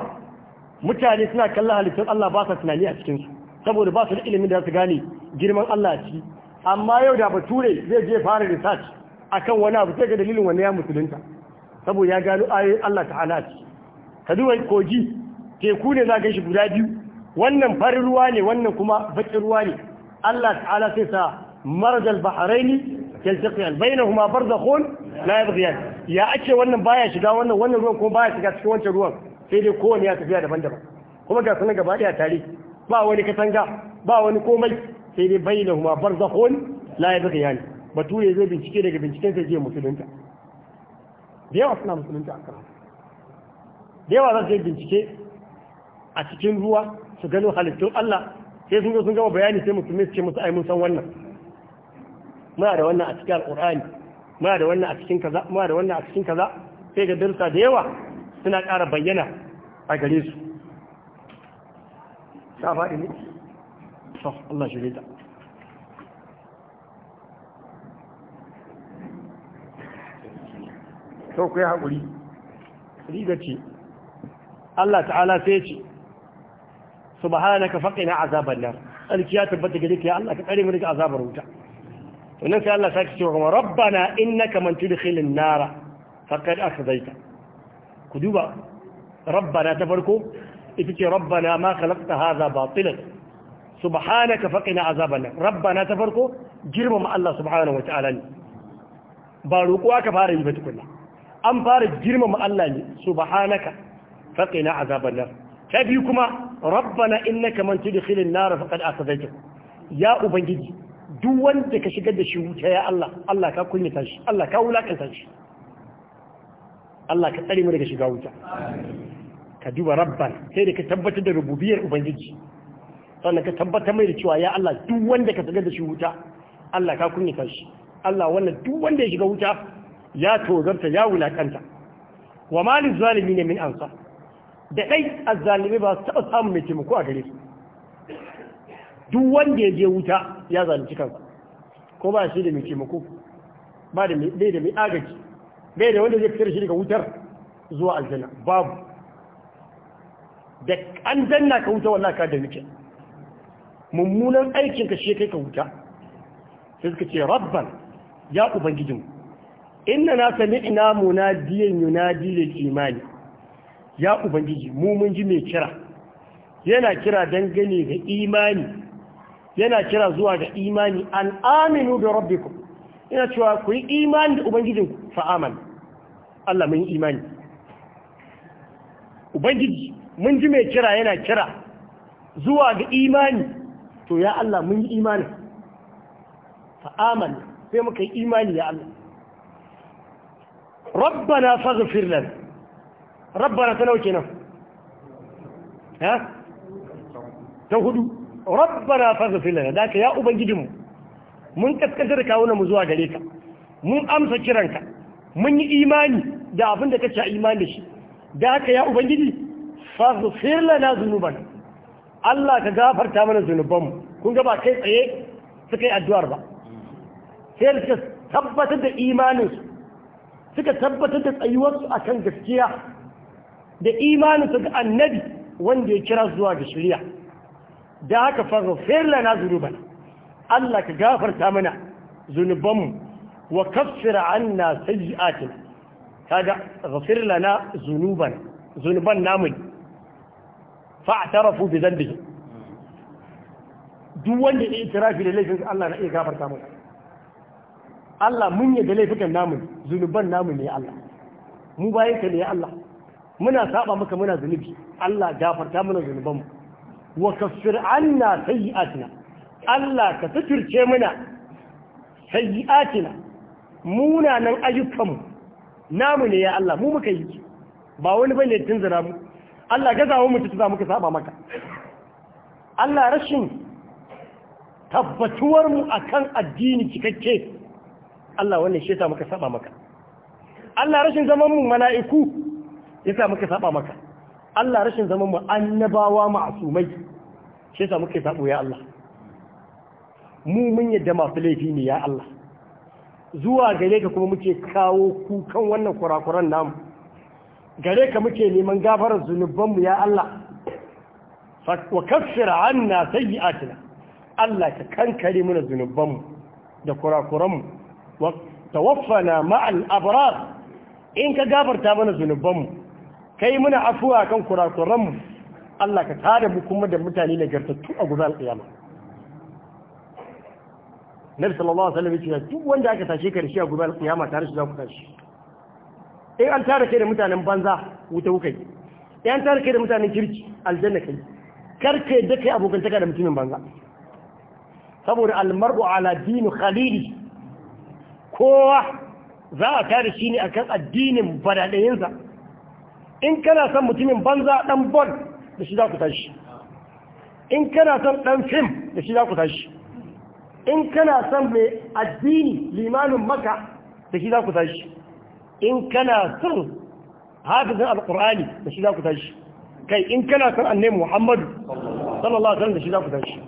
mutane suna kallon halittun Allah ba sa tunani a cikin su saboda ba su da ilimin da su gane girman Allah a ciki amma yau da bature zai je fara research akan wani abu sai ga dalilin wani ya musulunta saboda ya gano ayoyin Allah ta'ala ce ka duba kogi teku ne za ka shi guda biyu wannan farin ruwa ne wannan kuma baƙin ruwa ne Allah ta'ala sai sa marjal bahraini yaltaqiyan bainahuma barzakhun la yabghiyan ya ake wannan baya shiga wannan wannan ruwan kuma baya shiga cikin wancan ruwan sai dai kowane ya tafiya daban-daban kuma ga sunan gaba daya tare ba wani katanga ba wani komai sai dai bainahuma barzakhun la yabghiyan bature zai bincike daga binciken sai je musulunta da yawa suna musulunta a kan da yawa za su bincike a cikin ruwa su gano halittun Allah sai sun zo sun gama bayani sai musulmi su ce musu ai mun san wannan muna da wannan a cikin alqur'ani muna da wannan a cikin kaza muna da wannan a cikin kaza sai ga darsa da yawa suna ƙara bayyana a gare su ta faɗi ne Allah shi ta to ku yi haƙuri riga ce Allah ta'ala sai ce subhanaka faqina azaban nan alki ya tabbata gare ka ya Allah ka kare mu daga azabar wuta to sai Allah sake cewa kuma rabbana innaka man tudkhilin nar faqad akhzaita ku duba rabbana ta farko ita ce rabbana ma ba hadha batilan subhanaka faqina azaban nan rabbana ta farko girmama Allah subhanahu ta'ala ne ba roƙo ka fara yi ba tukunna an fara girmama Allah ne su subhanaka faqina azaban nar ta biyu kuma rabbana filin na tudkhilin nar faqad akhadhayta ya ubangiji duk wanda ka shigar da shi wuta ya Allah Allah ka ta shi Allah ka wulakanta shi Allah ka tsari mu daga shiga wuta ka duba rabban sai da ka tabbatar da rububiyar ubangiji sannan ka tabbatar mai da cewa ya Allah duk wanda ka shigar da shi wuta Allah ka ta shi Allah wannan duk wanda ya shiga wuta ya tozarta ya wulakanta wa mali zalimi ne min ansa da ɗai a ba su taɓa samun mai taimako a gare su duk wanda ya je wuta ya zalunci kansa ko ba shi da mai taimako ba da mai da mai agaji bai da wanda zai fitar shi daga wutar zuwa aljanna babu da an danna ka wuta wallahi ka da nake mummunan aikin ka shi kai ka wuta sai suka ce rabban ya ubangijinmu inna na sami'na munadiyan yunadi lil imani ya ubangiji mu mun ji mai kira yana kira dangane ga imani yana kira zuwa ga imani an aminu da rabbikum ina cewa ku yi imani da ubangijinku fa aman Allah mun yi imani ubangiji mun ji mai kira yana kira zuwa ga imani to ya Allah mun yi imani fa aman sai muka yi imani ya Allah rabbana faghfir lana rabbana ta nauke nan ha ta hudu rabbana faghfir da ka ya ubangijinmu mun kaskanta da mu zuwa gare ka mun amsa kiranka mun yi imani da abin da kace imani da shi da haka ya ubangiji faghfir lana dhunubana Allah ka gafarta mana zunubanmu kun ga ba kai tsaye suka yi addu'ar ba sai suka tabbatar da imaninsu suka tabbatar da tsayuwarsu a kan gaskiya da imaninsu ga annabi wanda ya kira zuwa ga shirya da haka faru ferla na zunuban Allah ka gafarta mana zunubanmu wa kaffira anna sayyi'atin kaga ghafir lana zunuban zunuban namu fa'tarafu bi dhanbihi duk wanda ya yi itirafi da laifin Allah na iya gafarta mana Allah mun da laifukan namu zunuban namu ne Allah mu bayan ka ne Allah muna saba maka muna zunubi Allah gafarta mana zunuban mu wa kaffir anna sayyi'atina Allah ka suturce muna sayyi'atina munanan ayyukan mu namu ne ya Allah mu muka yi ba wani bane tunzura mu Allah gazawa mu tunzura muka saba maka Allah rashin tabbatuwar mu akan addini cikakke Allah wannan shi yasa muka saba maka Allah rashin zaman mu mala'iku yasa muka saba maka Allah rashin zaman mu annabawa ma'asumai shi yasa muka sabo ya Allah mu mun yadda masu laifi ne ya Allah zuwa gare ka kuma muke kawo kukan wannan kurakuran namu gare ka muke neman gafarar mu ya Allah wa kaffira anna sayyi'atina Allah ka kankare mana mu da kurakuran mu. wa tawaffana ma'al abrar in ka gafarta mana zunubanmu kai muna afuwa kan kurakuranmu Allah ka tada mu kuma da mutane nagartattu a guzal kiyama Nabi sallallahu alaihi wasallam yace duk wanda aka tashe ka a guzal kiyama tare shi za ku tashi in an tare kai da mutanen banza wuta kuka in an tare kai da mutanen kirki aljanna kai kar da kai abokantaka da mutumin banza saboda almar'u ala dinu kowa za a kare shi ne akan addinin badaɗayinsa in kana son mutumin banza ɗan bol da shi za ku tashi in kana son ɗan fim da shi za ku tashi in kana son mai addini limanin maka da shi za ku tashi in kana son hafizin alƙur'ani da shi za ku tashi kai in kana son annai muhammadu sallallahu alaihi da shi za ku tashi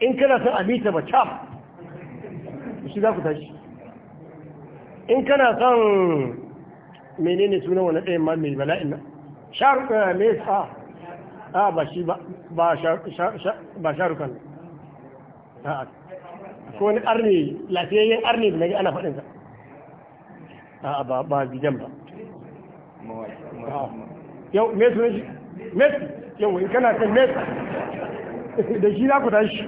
in kana son abita bacam shi za ku tashi in kana son menene sunan wani ɗayan ma mai bala'in nan sharukan ne eh, sa a ah, ba shi ba ba sharukan a ko wani arni lafiyayyen arni da nage ana faɗinsa a ba ba gidan ba yau me ne shi messi yau in kana son mesu [LAUGHS] da shi za ku tashi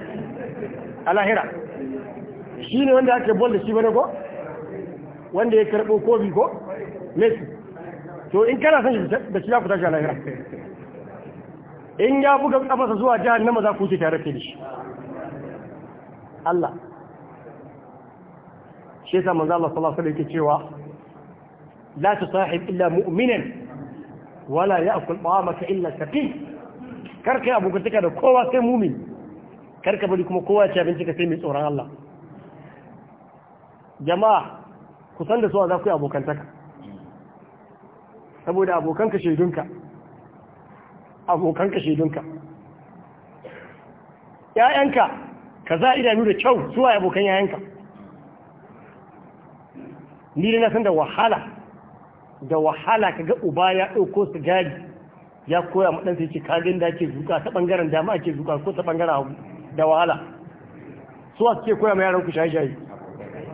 alahira shi ne wanda ake bol da shi bane ko wanda ya karɓo kofi ko messi to in kana son da shi ya fita shi a lahira in ya buga kafasa zuwa jihar na maza ku ce tare da shi Allah shi ya samun zala sallallahu alaihi wasallam yake cewa la sahib illa mu'minin wala ya'kul ka illa saqi karka abokantaka da kowa sai mu'min karka bari kuma kowa ya ci abinci ka sai mai tsoron Allah jama'a ku san da suwa za ku yi abokantaka saboda abokanka shaidunka abokanka shaidunka ‘ya'yanka ka za idanu da kyau suwa abokan ‘ya'yanka ni da na san da wahala da wahala ka ga uba ya ɗauko sigari ya koya maɗansa ce kagin da ake zuka ta ɓangaren dama ake zuka ko ta ɓangaren da wahala suwa suke koya yaran ku shaye-shaye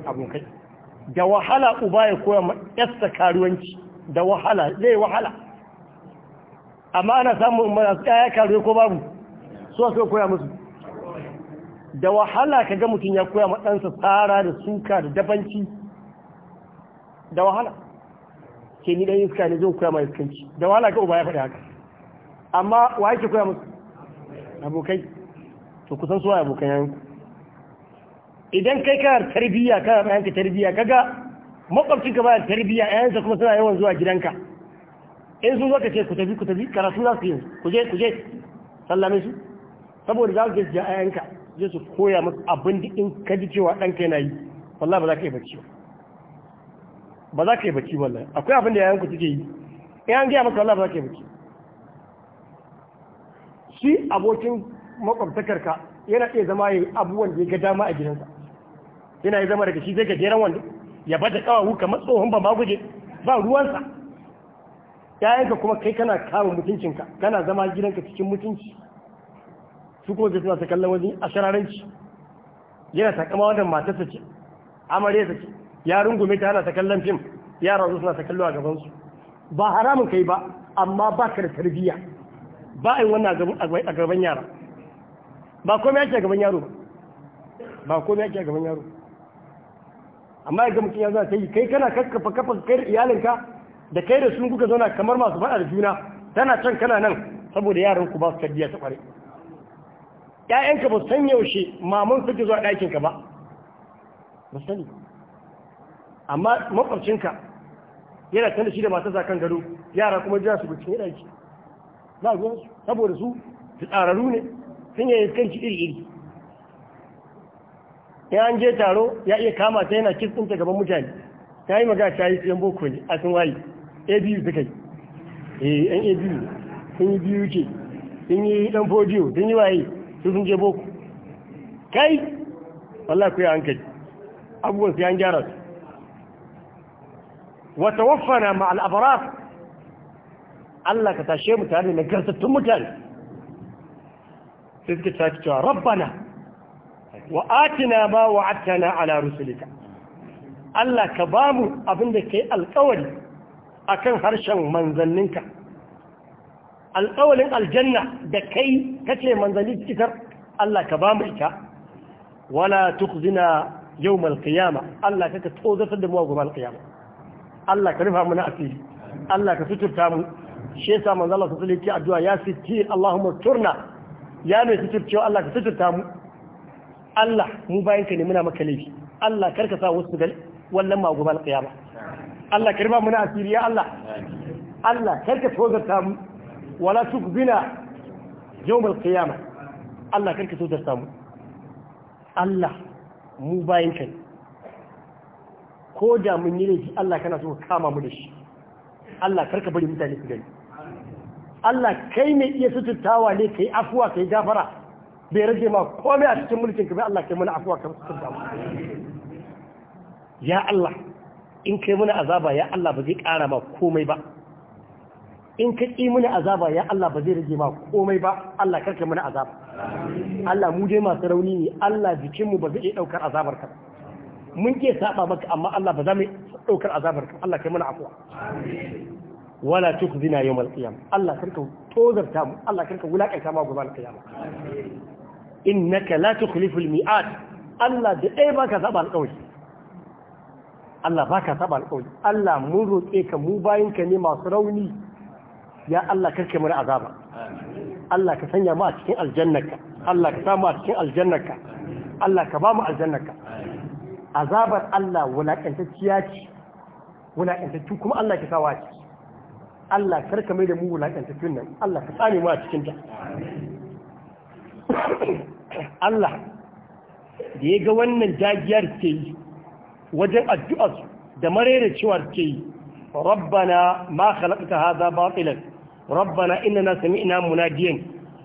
abokai da wahala uba ya koya ma yasta karuwanci da wahala zai wahala amma ana samun marasu ɗaya karuwa ko babu so sai koya musu da wahala ka ga mutum ya koya ma ɗansa tsara da suka da dabanci da wahala ke ni ɗan iska ne zai koya ma iskanci da wahala ka uba ya faɗi haka amma wa yake koya musu abokai to kusan suwa abokan yanku idan kai kana tarbiyya kana ma yanka tarbiyya kaga makwabcin ka baya tarbiyya yayansa kuma suna yawan zuwa gidanka in sun zo ka ce ku tafi ku tafi karatu za su yi ku je ku je sallame su saboda za su je a yayanka je su koya masu abin da in ka ji cewa ɗanka yana yi wallahi ba za ka yi bacci ba za ka yi bacci wallahi akwai abin da yayanku suke yi in an gaya maka wallahi ba za ka yi bacci shi abokin makwabtakarka yana iya zama ya abubuwan da ya ga dama a gidansa yana yi zama daga shi zai gajeren wanda ya da kawawu kamar tsohon ba guje ba ruwansa yayanka kuma kai kana kawo mutuncinka kana zama gidanka cikin mutunci su kuma zai suna ta kallon wani a shararanci yana ta kama wannan matarsa ce amarya ta ce ya rungume ta hana ta kallon fim yara su suna ta kallo a gabansu ba haramun kai ba amma ba ka da tarbiyya ba a yi wannan a gaban yara ba komai ake a gaban yaro ba komai ake a gaban yaro ba amma ga mutum ya zana ta yi kai kana kakkafa kafa kai iyalinka da kai da sun kuka zauna kamar masu faɗa da juna tana can kana nan saboda yaran ku ba su tarbiyya ta kware ƴaƴanka ba san yaushe maman suke zuwa ɗakinka ba ba sani amma makwabcinka yana tana shi da masu zakan gado yara kuma jira su bincin yana ki za a saboda su tsararru ne sun yi kanci iri iri ya an je taro ya iya kama ta yana kis ɗinta gaban mutane ta yi magana ta yi tsayen boko ne a sun waye a suka yi eh yan a sun yi biyu ke sun yi ɗan fodiyo sun yi waye su sun je boko kai wallah ku ya kai abubuwan su ya gyara su wata wafana ma al'abarar Allah ka tashe mu tare gasattun mutane sai suka tafi cewa rabbana wa atina ma wa'adtana ala rusulika Allah ka bamu abinda kai alƙawari akan harshen manzanninka alƙawarin aljanna da kai kace manzanni cikar Allah ka bamu ita wala tukhzina يوم القيامة الله كتوزة الدموع قبل القيامة الله كرفها من أسيه الله كتوتر تامو شيء سامن الله تصلي كي أدوا يا ستير اللهم استرنا يا من ستير الله كتوتر mu. Allah mu bayan ka ne muna maka laifi Allah karka sa wasu gal wannan ma gobe alƙiyama Allah karba na asiri ya Allah Allah karka tozarta mu wala tukhzina yawm alqiyama Allah karka tozarta mu Allah mu bayan ka ko da mun yi laifi Allah kana so ka kama mu da shi Allah karka bari mutane su gani Allah kai ne iya sutuntawa ne kai afuwa kai gafara bai rage ma komai a cikin mulkin ka bai Allah kai mana afuwa kan kusa damu ya Allah in kai mana azaba ya Allah ba zai ƙara ma komai ba in ka ƙi mana azaba ya Allah ba zai rage ma komai ba Allah karka mana azaba Allah mu dai masu rauni ne Allah jikinmu ba zai iya ɗaukar azabar ka mun ke saba maka amma Allah ba za mu ɗaukar azabar ka Allah kai mana afuwa wala tukzina yawmal qiyam Allah karka tozarta mu Allah karka wulakanta ma gobe kiyama amin innaka la tukhliful mi'ad Allah da ɗaya baka saba alƙawari Allah baka saba alƙawari Allah mun roƙe ka mu bayin ka ne masu rauni ya Allah karke mu azaba Allah ka sanya mu a cikin aljannaka Allah ka sa mu a cikin aljannaka Allah ka ba mu aljannaka azabar Allah wulaƙantacciya ce wulaƙantattu kuma Allah ka sawa ce Allah karka mai da mu wulaƙantattun nan Allah ka tsane mu a cikin ta [COUGHS] Allah da ya ga wannan jagiyar ke yi wajen addu'ar da marere cewar ke yi rabbana ma khalaqta hadha batilan rabbana inna sami'na munadiyan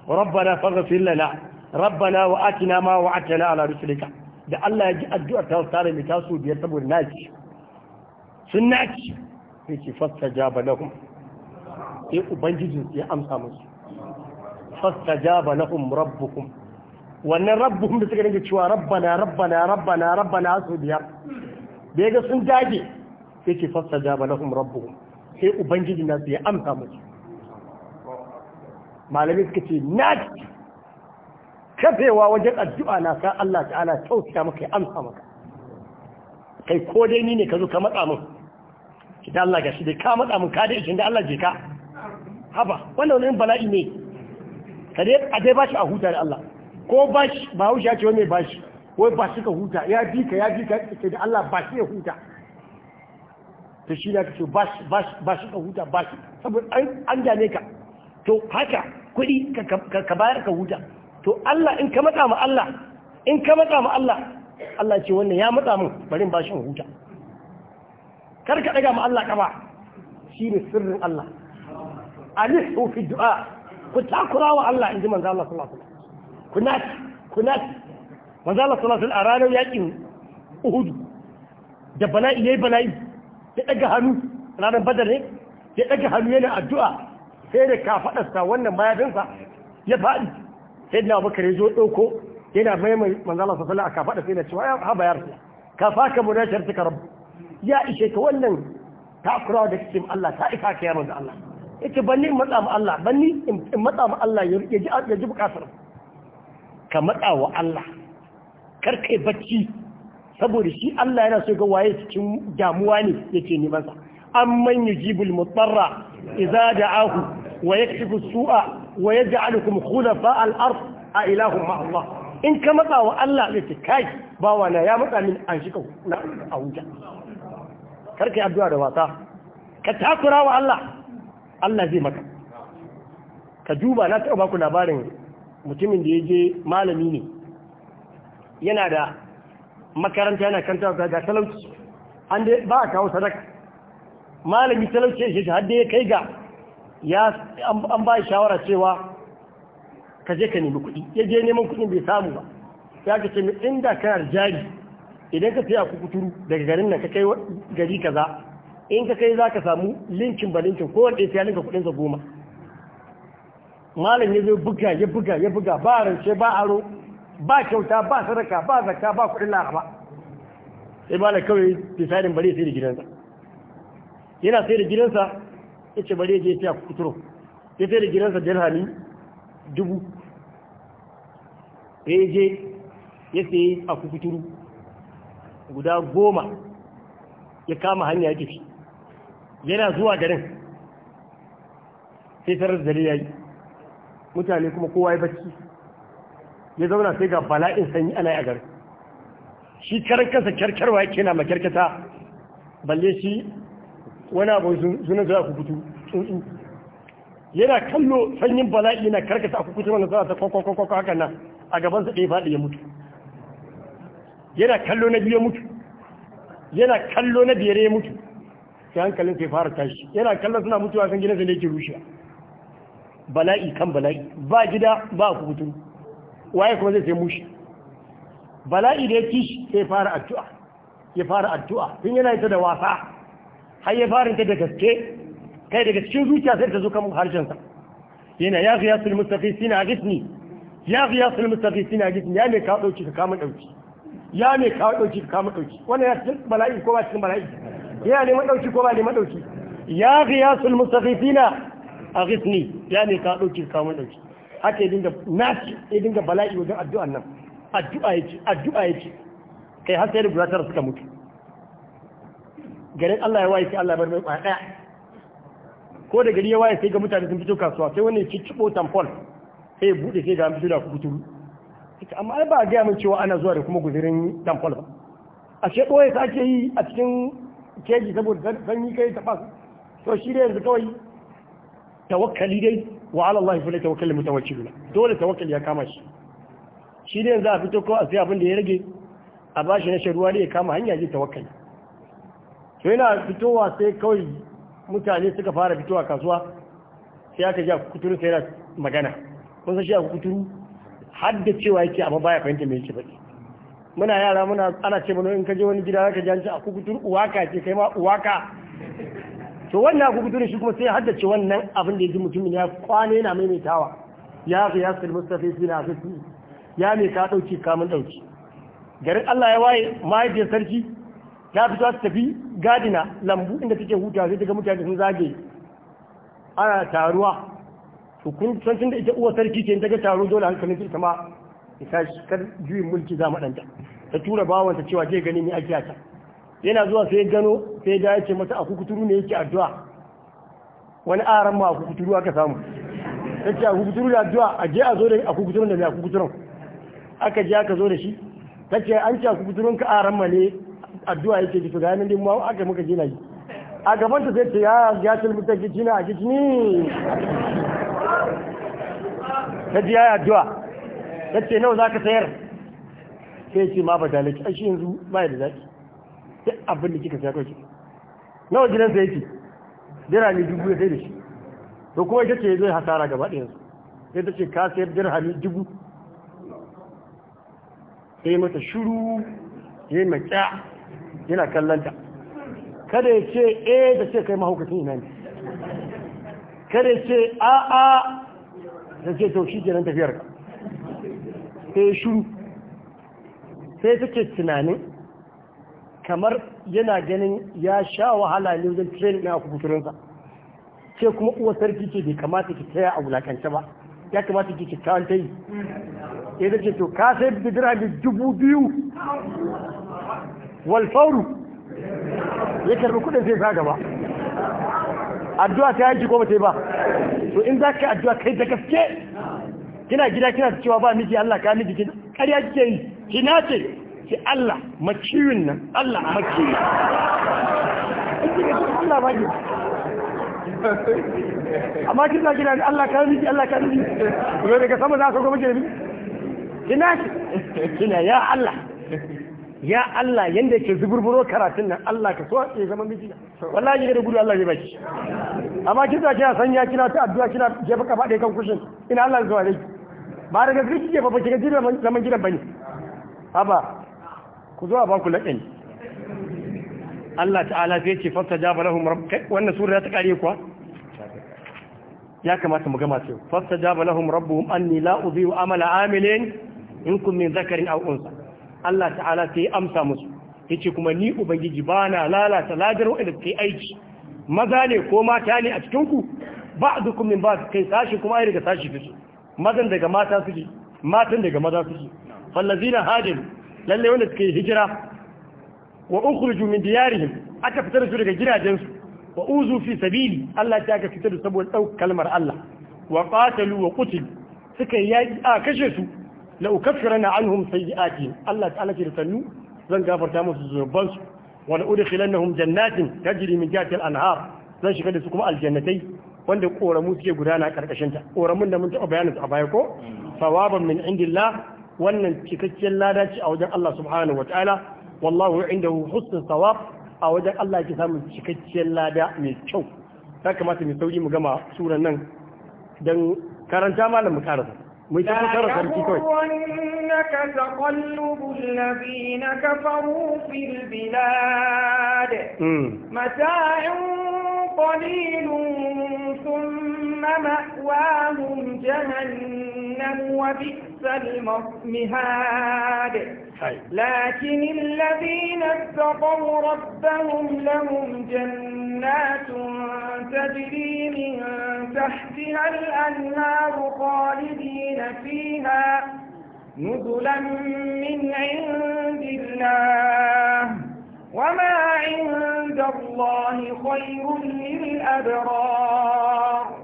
rabbana faghfir lana rabbana wa na ma na ala rusulika da Allah ya ji addu'ar ta tare mai taso biyar saboda naci sun naci sai ki fasta jaba lahum sai ubangijin ya amsa musu fastajaba lahum rabbukum wannan rabbukum da suka dinga cewa rabbana rabbana rabbana rabbana su biyar da ga sun dage sai ce fastajaba lahum rabbukum sai ubangiji na su ya amsa musu malami suka ce na kafewa wajen addu'a na sa Allah ta'ala tausaya maka ya amsa maka kai ko dai ni ne ka zo ka matsa min ki da Allah gashi dai ka matsa min ka da ishin da Allah je ka haba wannan wani bala'i ne ka dai a dai bashi a huta da Allah ko bashi ba ya ce wani bashi wai ba shi ka huta ya bi ka ya bi ka ce da Allah ba shi ya huta to shi da ka ce ba shi ka huta ba shi saboda an jane ka to haka kuɗi ka bayar ka huta to Allah in ka matsa ma Allah in ka matsa ma Allah Allah ce wannan ya matsa min? bari ba shi huta kar ka daga ma Allah kafa shi ne sirrin Allah alihu fi du'a ku takura wa Allah in ji manzo Allah sallallahu alaihi wasallam ku naci ku naci manzo Allah sallallahu alaihi wasallam a ranar yakin Uhud da bala'i yayi bala'i ya daga hannu ranar Badar ne ya daga hannu yana addu'a sai da kafadarsa wannan mayafinsa ya faɗi sai da Abubakar ya zo dauko yana mai manzo Allah sallallahu alaihi wasallam a kafadarsa yana cewa ya haba ya rasul ka faka munashar tuka rabu ya ishe ka wannan takura da cikin Allah ta isa ka yaron da Allah yace banni in matsa ma Allah banni in matsa ma Allah ya ji ya ji bukatar ka matsa wa Allah kar kai bacci saboda shi Allah yana so ga waye cikin damuwa ne yake neman sa amman yujibul mutarra idza da'ahu wa yakshifu su'a wa yaj'alukum khulafa al-ard a ilahu ma Allah in ka matsa wa Allah yace kai bawa na ya matsa min an shika na abuja kar kai addu'a da wasa ka takura wa Allah Allah zai maka ka juba na taɓa baku labarin mutumin da ya je malami ne yana da makaranta yana kanta ga talauci an dai ba a kawo sadaka malami talauci ya shi har ya kai ga ya an ba shawara cewa ka je ka nemi kuɗi ya je neman kuɗin bai samu ba ya ka ce inda kana jari idan ka fiya ku kuturu daga garin nan ka kai gari kaza in ka kai za ka samu linkin ba linkin ko wanda ya ninka kudinsa goma malam ya zai buga ya buga ya buga ba rance ba aro ba kyauta ba sadaka ba zaka ba kudin laraba sai ba da kawai decidin bari sai da gidansa yana sai da gidansa ya ce bari je ya kuturo ya sai da gidansa dirhami dubu ya je ya sai a kuturu guda goma ya kama hanya ya tafi yana zuwa garin sai tarar da ya yi mutane kuma kowa ya bacci ya zauna sai ga bala'in sanyi ana yi a garin shi karan karkarwa kyarkyarwa ke na makarkata balle shi wani abu sunan zuwa kukutu tsuntsu yana kallo sanyin bala'i na karkata a kukutu wanda zuwa ta kwakwakwakwakwa hakan na a gabansa ɗaya faɗi ya mutu yana kallo na biyu ya mutu yana kallo na biyar ya mutu sai hankalin sai fara tashi yana kallon suna mutuwa kan gina ne ke rushe. bala'i kan bala'i ba gida ba kubutu waye kuma zai sai mushi bala'i da ya ci sai fara addu'a ya fara addu'a tun yana ita da wasa har ya fara ta da gaske kai daga cikin zuciya sai ta zo kan harshensa yana ya ga yasul mustafi sina gisni ya ga yasul mustafi sina gisni ya me ka dauki ka kama dauki ya me ka dauki ka kama dauki wannan ya cikin bala'i ko ba cikin bala'i ya ne madauki ko ba ne madauki ya ghiyasul mustaghifina aghithni ya ne ka dauki ka madauki haka ya dinga naci ya dinga bala'i wajen addu'an nan addu'a yake addu'a yake kai har sai da gudatar suka mutu garin Allah ya waye sai Allah bar mai kwaya daya ko da gari ya waye sai ga mutane sun fito kasuwa sai wani ya cibo tampon sai ya bude sai ga fito da kuturu ita amma ai ba a gaya min cewa ana zuwa da kuma guzirin tampol ba a ce boye ka ake yi a cikin keji saboda yi kai ta fasu to shi dai yanzu kawai tawakkali dai wa ala Allah fa tawakkal mutawakkil dole tawakkali ya kama shi shi dai yanzu a fito ko a sai abin da ya rage a bashi na sharuwa ne ya kama hanya ji tawakkali to yana fitowa sai kawai mutane suka fara fitowa kasuwa sai aka ji a kuturu sai yana magana kun san shi a kuturu har da cewa yake amma baya fahimta me yake faɗi muna yara muna ana ce mana in ka je wani gida ka ji an ce a kukutur uwaka ce kai ma uwaka to wannan kukutur shi kuma sai haddace wannan abin da ya ji mutumin ya kwane na maimaitawa ya fi ya sulmu safi fi na fi ya mai ka ɗauki kamun dauki garin Allah ya waye mahaifiyar sarki ta fito su tafi gadina lambu inda take huta sai daga mutane sun zage ana taruwa to kun san tunda ita uwa sarki ce ta ga taro dole hankalin ta ma kar juyin mulki za maɗanta ta tura bawansa cewa je gani ne ake ta yana zuwa sai gano sai da yake mata a ne yake addu'a wani aran ma a aka samu ta ce a da addu'a a je a zo da aku kukuturun da mai a aka je aka zo da shi ta ce an ce aku kukuturun ka aran ma ne addu'a yake ji to ga din ma aka muka je na a gaban ta zai ce ya ya tilmuta gicina a gicini ta ji ya addu'a yace nawa zaka sayar sai ce ma ba ta laki ashe yanzu ba da zaki duk abin da kika sayar kake nawa gidansa yake dirhami dubu ya sai da shi to kuma ita ce zai hasara gaba ɗaya su sai ta ce ka sayar dirhami dubu sai mata shuru ya yi maƙya yana kallanta kada ya ce eh da ce kai mahaukacin ina ne kada ya ce a'a da ce to shi kenan tafiyar ka sai shuru sai suke tunanin kamar yana ganin ya sha wahala ne wajen training na kuturinsa ce kuma uwa sarki ce bai kamata ki taya a wulakance ba ya kamata ki ki kawon ta yi ya zace to ka sai bidira da dubu biyu walfauru ya karbi kudin sai sa gaba addu'a ta yanki ko ba ta yi ba to in za ka addu'a kai da gaske kina gida kina cewa ba miji Allah ka miji kin kariya kike yi kina ce ki Allah maciyin nan Allah maciyin Allah ba amma kina gida Allah ka miji Allah ka miji ko ne ka samu za ka ga miji kina ce kina ya Allah ya Allah yadda ke zuburburo karatun nan Allah ka so ke zama miji wallahi da gudu Allah zai baki amma kin kina sanya kina ta addu'a kina jefa kafa dai kan kushin ina Allah zuwa dai ba daga kirki ke ba kika jira zaman gidan bane haba ku zo a ba ku laƙani Allah ta'ala sai ce fasta jaba lahum rabb wannan sura ta kare kuwa ya kamata mu gama sai fasta jaba lahum rabbuhum anni la udhi'u amala amilin in kun min zakarin aw unsa Allah ta'ala sai amsa musu ce kuma ni ubangiji ba na lalata ladar wanda suke aiki maza ne ko mata ne a cikin ku ba'dukum min ba'd kai sashi kuma ai daga sashi fisu mazan daga mata suke matan daga maza suke fallazina hajin lalle wanda suke hijira wa ukhruju min diyarihim aka fitar su daga gidajensu wa uzu fi sabili Allah ta aka fitar saboda dauk kalmar Allah wa qatalu wa qutil suka yaki a kashe su la ukaffiranna anhum sayyi'atihim Allah ta'ala ce da sannu zan gafarta musu zunubansu wa la udkhilannahum jannatin tajri min tahtiha al-anhar zan shiga da su kuma aljannatai wanda koramu suke gudana karkashin ta koramun da mun taɓa bayanin a baya ko sawaban min indillah wannan cikakken lada ce a wajen Allah subhanahu wataala wallahu indahu husnul sawab a wajen Allah ke samun cikakken lada mai kyau ya kamata mu sauri mu gama suran nan dan karanta malam mu karasa ويتغرنك تقلب الذين كفروا في البلاد متاع قليل ثم مأواهم جهنم وبئس المهاد لكن الذين اتقوا ربهم لهم جنات تجري من تحتها الأنهار خالدين فيها نزلا من عند الله وما عند الله خير للأبرار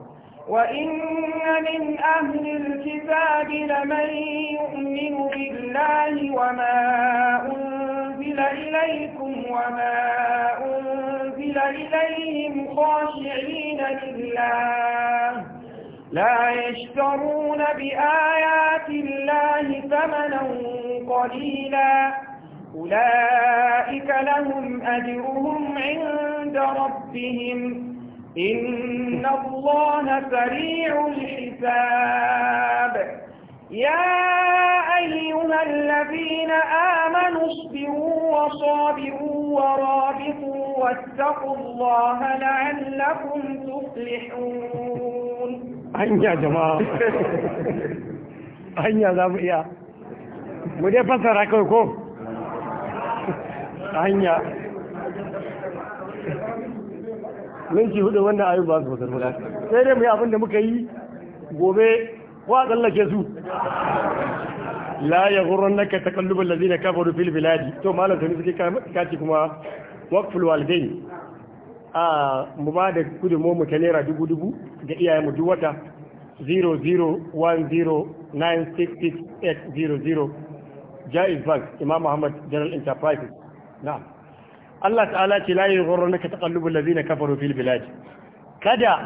وإن من أهل الكتاب لمن يؤمن بالله وما أنزل إليكم وما أنزل إليهم خاشعين لله لا يشترون بآيات الله ثمنا قليلا أولئك لهم أجرهم عند ربهم إن الله سريع الحساب يا أيها الذين آمنوا اصبروا وصابروا ورابطوا واتقوا الله لعلكم تفلحون أين يا جماعة هيا ذا بقيا مدى فسر أين يا minti hudu wannan ayu ba su fitar ba sai dai mu yi abin da muka yi gobe ko a tsallake su la ya gurran naka takallubul na kafaru rufin biladi to malam tani suke kaci kuma wakful walidain a mu ba da gudunmu mu ta naira dubu dubu ga iyayen mu duwata wata 0010966800 Jaiz Bank Imam Muhammad General Enterprises na'am Allah ta'ala ce la yughurrunka taqallubul ladina kafaru fil bilad kada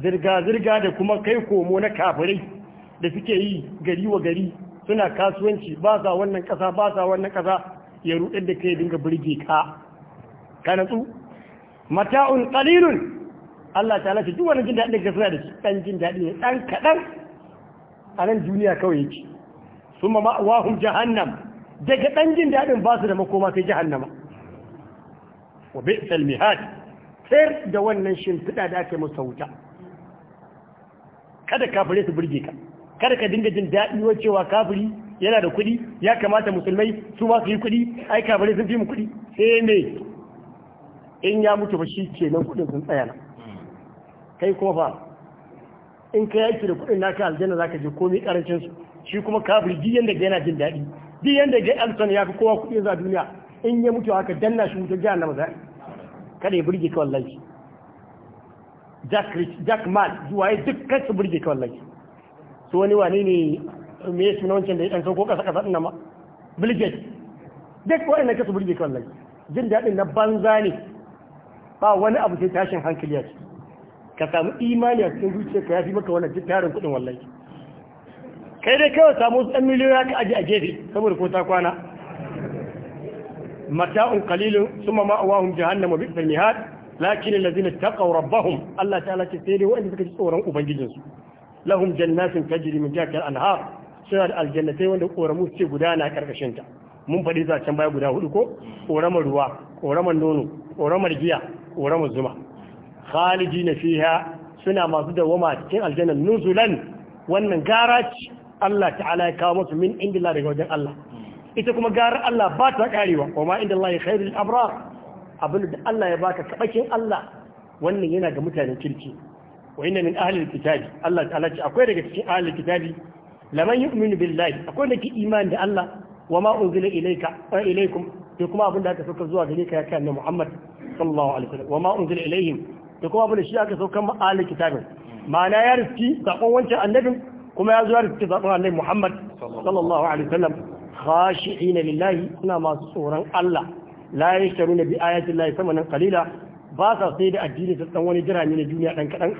zirga zirga da kuma kai komo na kafirai da suke yi gari wa gari suna kasuwanci ba sa wannan kasa ba sa wannan ƙasa, ya ruɗar da kai dinga birge ka ka natsu mata'un qalilun Allah ta'ala ce duk wani jin daɗin ka suna da shi dan jin daɗi ne ɗan kaɗan a nan duniya kawai yake ma ma'awahum jahannam daga ɗan jin daɗin ba su da makoma sai jahannama wa bi'sal mihad sayar da wannan shimfiɗa da ake masa wuta kada kafirai su burge ka kada ka dinga jin daɗi cewa kafiri yana da kuɗi ya kamata musulmai su ma su yi kuɗi ai kafirai sun fi mu kuɗi sai me in ya mutu ba shi kenan kuɗin sun tsaya nan kai kuma fa in ka yaki da kuɗin naka aljanna zaka je komai karancin su shi kuma kafiri duk yanda yana jin daɗi duk yanda ga Elton ya fi kowa kuɗi za duniya in ya mutu haka danna shi mutu jihar na ba kada ya burge ka wallahi jack rich jack man waye duk kai su burge ka wallahi su wani wani ne me ya suna wancan da ya dan sauko kasa kasa dinnan ma duk gates duk wa'annan kasu burge ka wallahi jin daɗin na banza ne ba wani abu sai tashin hankali ya ka samu imani a cikin zuciya ka yafi maka wannan tarin kuɗin wallahi kai dai kawai samu wasu ɗan miliyoyi ka aje a gefe saboda ko ta kwana mata'un qalilun thumma ma'awahum jahannam bi mihad lakin alladhina taqaw rabbahum Allah ta'ala ce sai dai wanda suka ji tsoron ubangijinsu lahum jannatin tajri min tahtiha al-anhar suna da aljannatai wanda koramu ce gudana karkashin ta mun faɗi zacen baya guda hudu ko koramar ruwa koramar nono koramar giya koramar zuma khalidina na fiha suna masu dawama cikin aljannar nuzulan wannan gara Allah ta'ala ya kawo musu min indila daga wajen Allah ita kuma garar Allah ba ta karewa wa ma inda Allah ya khairul abrar abinda Allah ya baka kabakin Allah wannan yana ga mutanen kirki wa inna min ahli alkitabi Allah ta'ala ce akwai daga cikin ahli alkitabi laman yu'minu billahi akwai da ke imani da Allah wa ma unzila ilayka wa eh, ilaykum da kuma abin da aka sauka zuwa gare ka ya kai Muhammad sallallahu alaihi wasallam wa ma unzila ilayhim da kuma abin da shi aka sauka ma ahli kitabin ma'ana ya riski sakon wancan annabin kuma ya zuwa ya riski sakon annabi Muhammad sallallahu alaihi wasallam khashi'ina lillahi suna masu tsoron Allah la yashtaruna bi ayati llahi samanan qalila ba sa sai da addini ta dan wani jirami na duniya dan kadan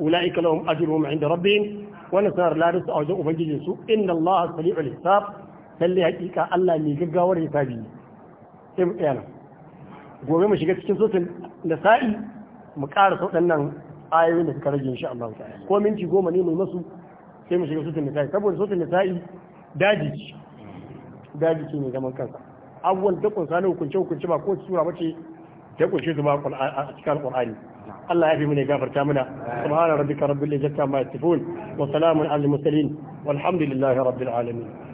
ulaika lahum ajruhum inda rabbihim wannan sanar ladin su a wajen ubangijin su inna allaha sari'ul hisab lalle hakika Allah mai gaggawar hisabi sai mu tsaya gobe mu shiga cikin da sa'i mu ƙara sau ɗannan ayoyin da suka rage insha Allah ko minti goma ne mai masu sai mu shiga da sa'i saboda da sa'i daji daji ce mai zaman kansa abubuwan ta kunsa na hukunce hukunce ba ko sura ce ta kunshe su a cikin alqur'ani Allah ya fi mune gafarta mana subhana rabbika rabbil izzati amma yasifun wa salamun alal mursalin walhamdulillahi rabbil alamin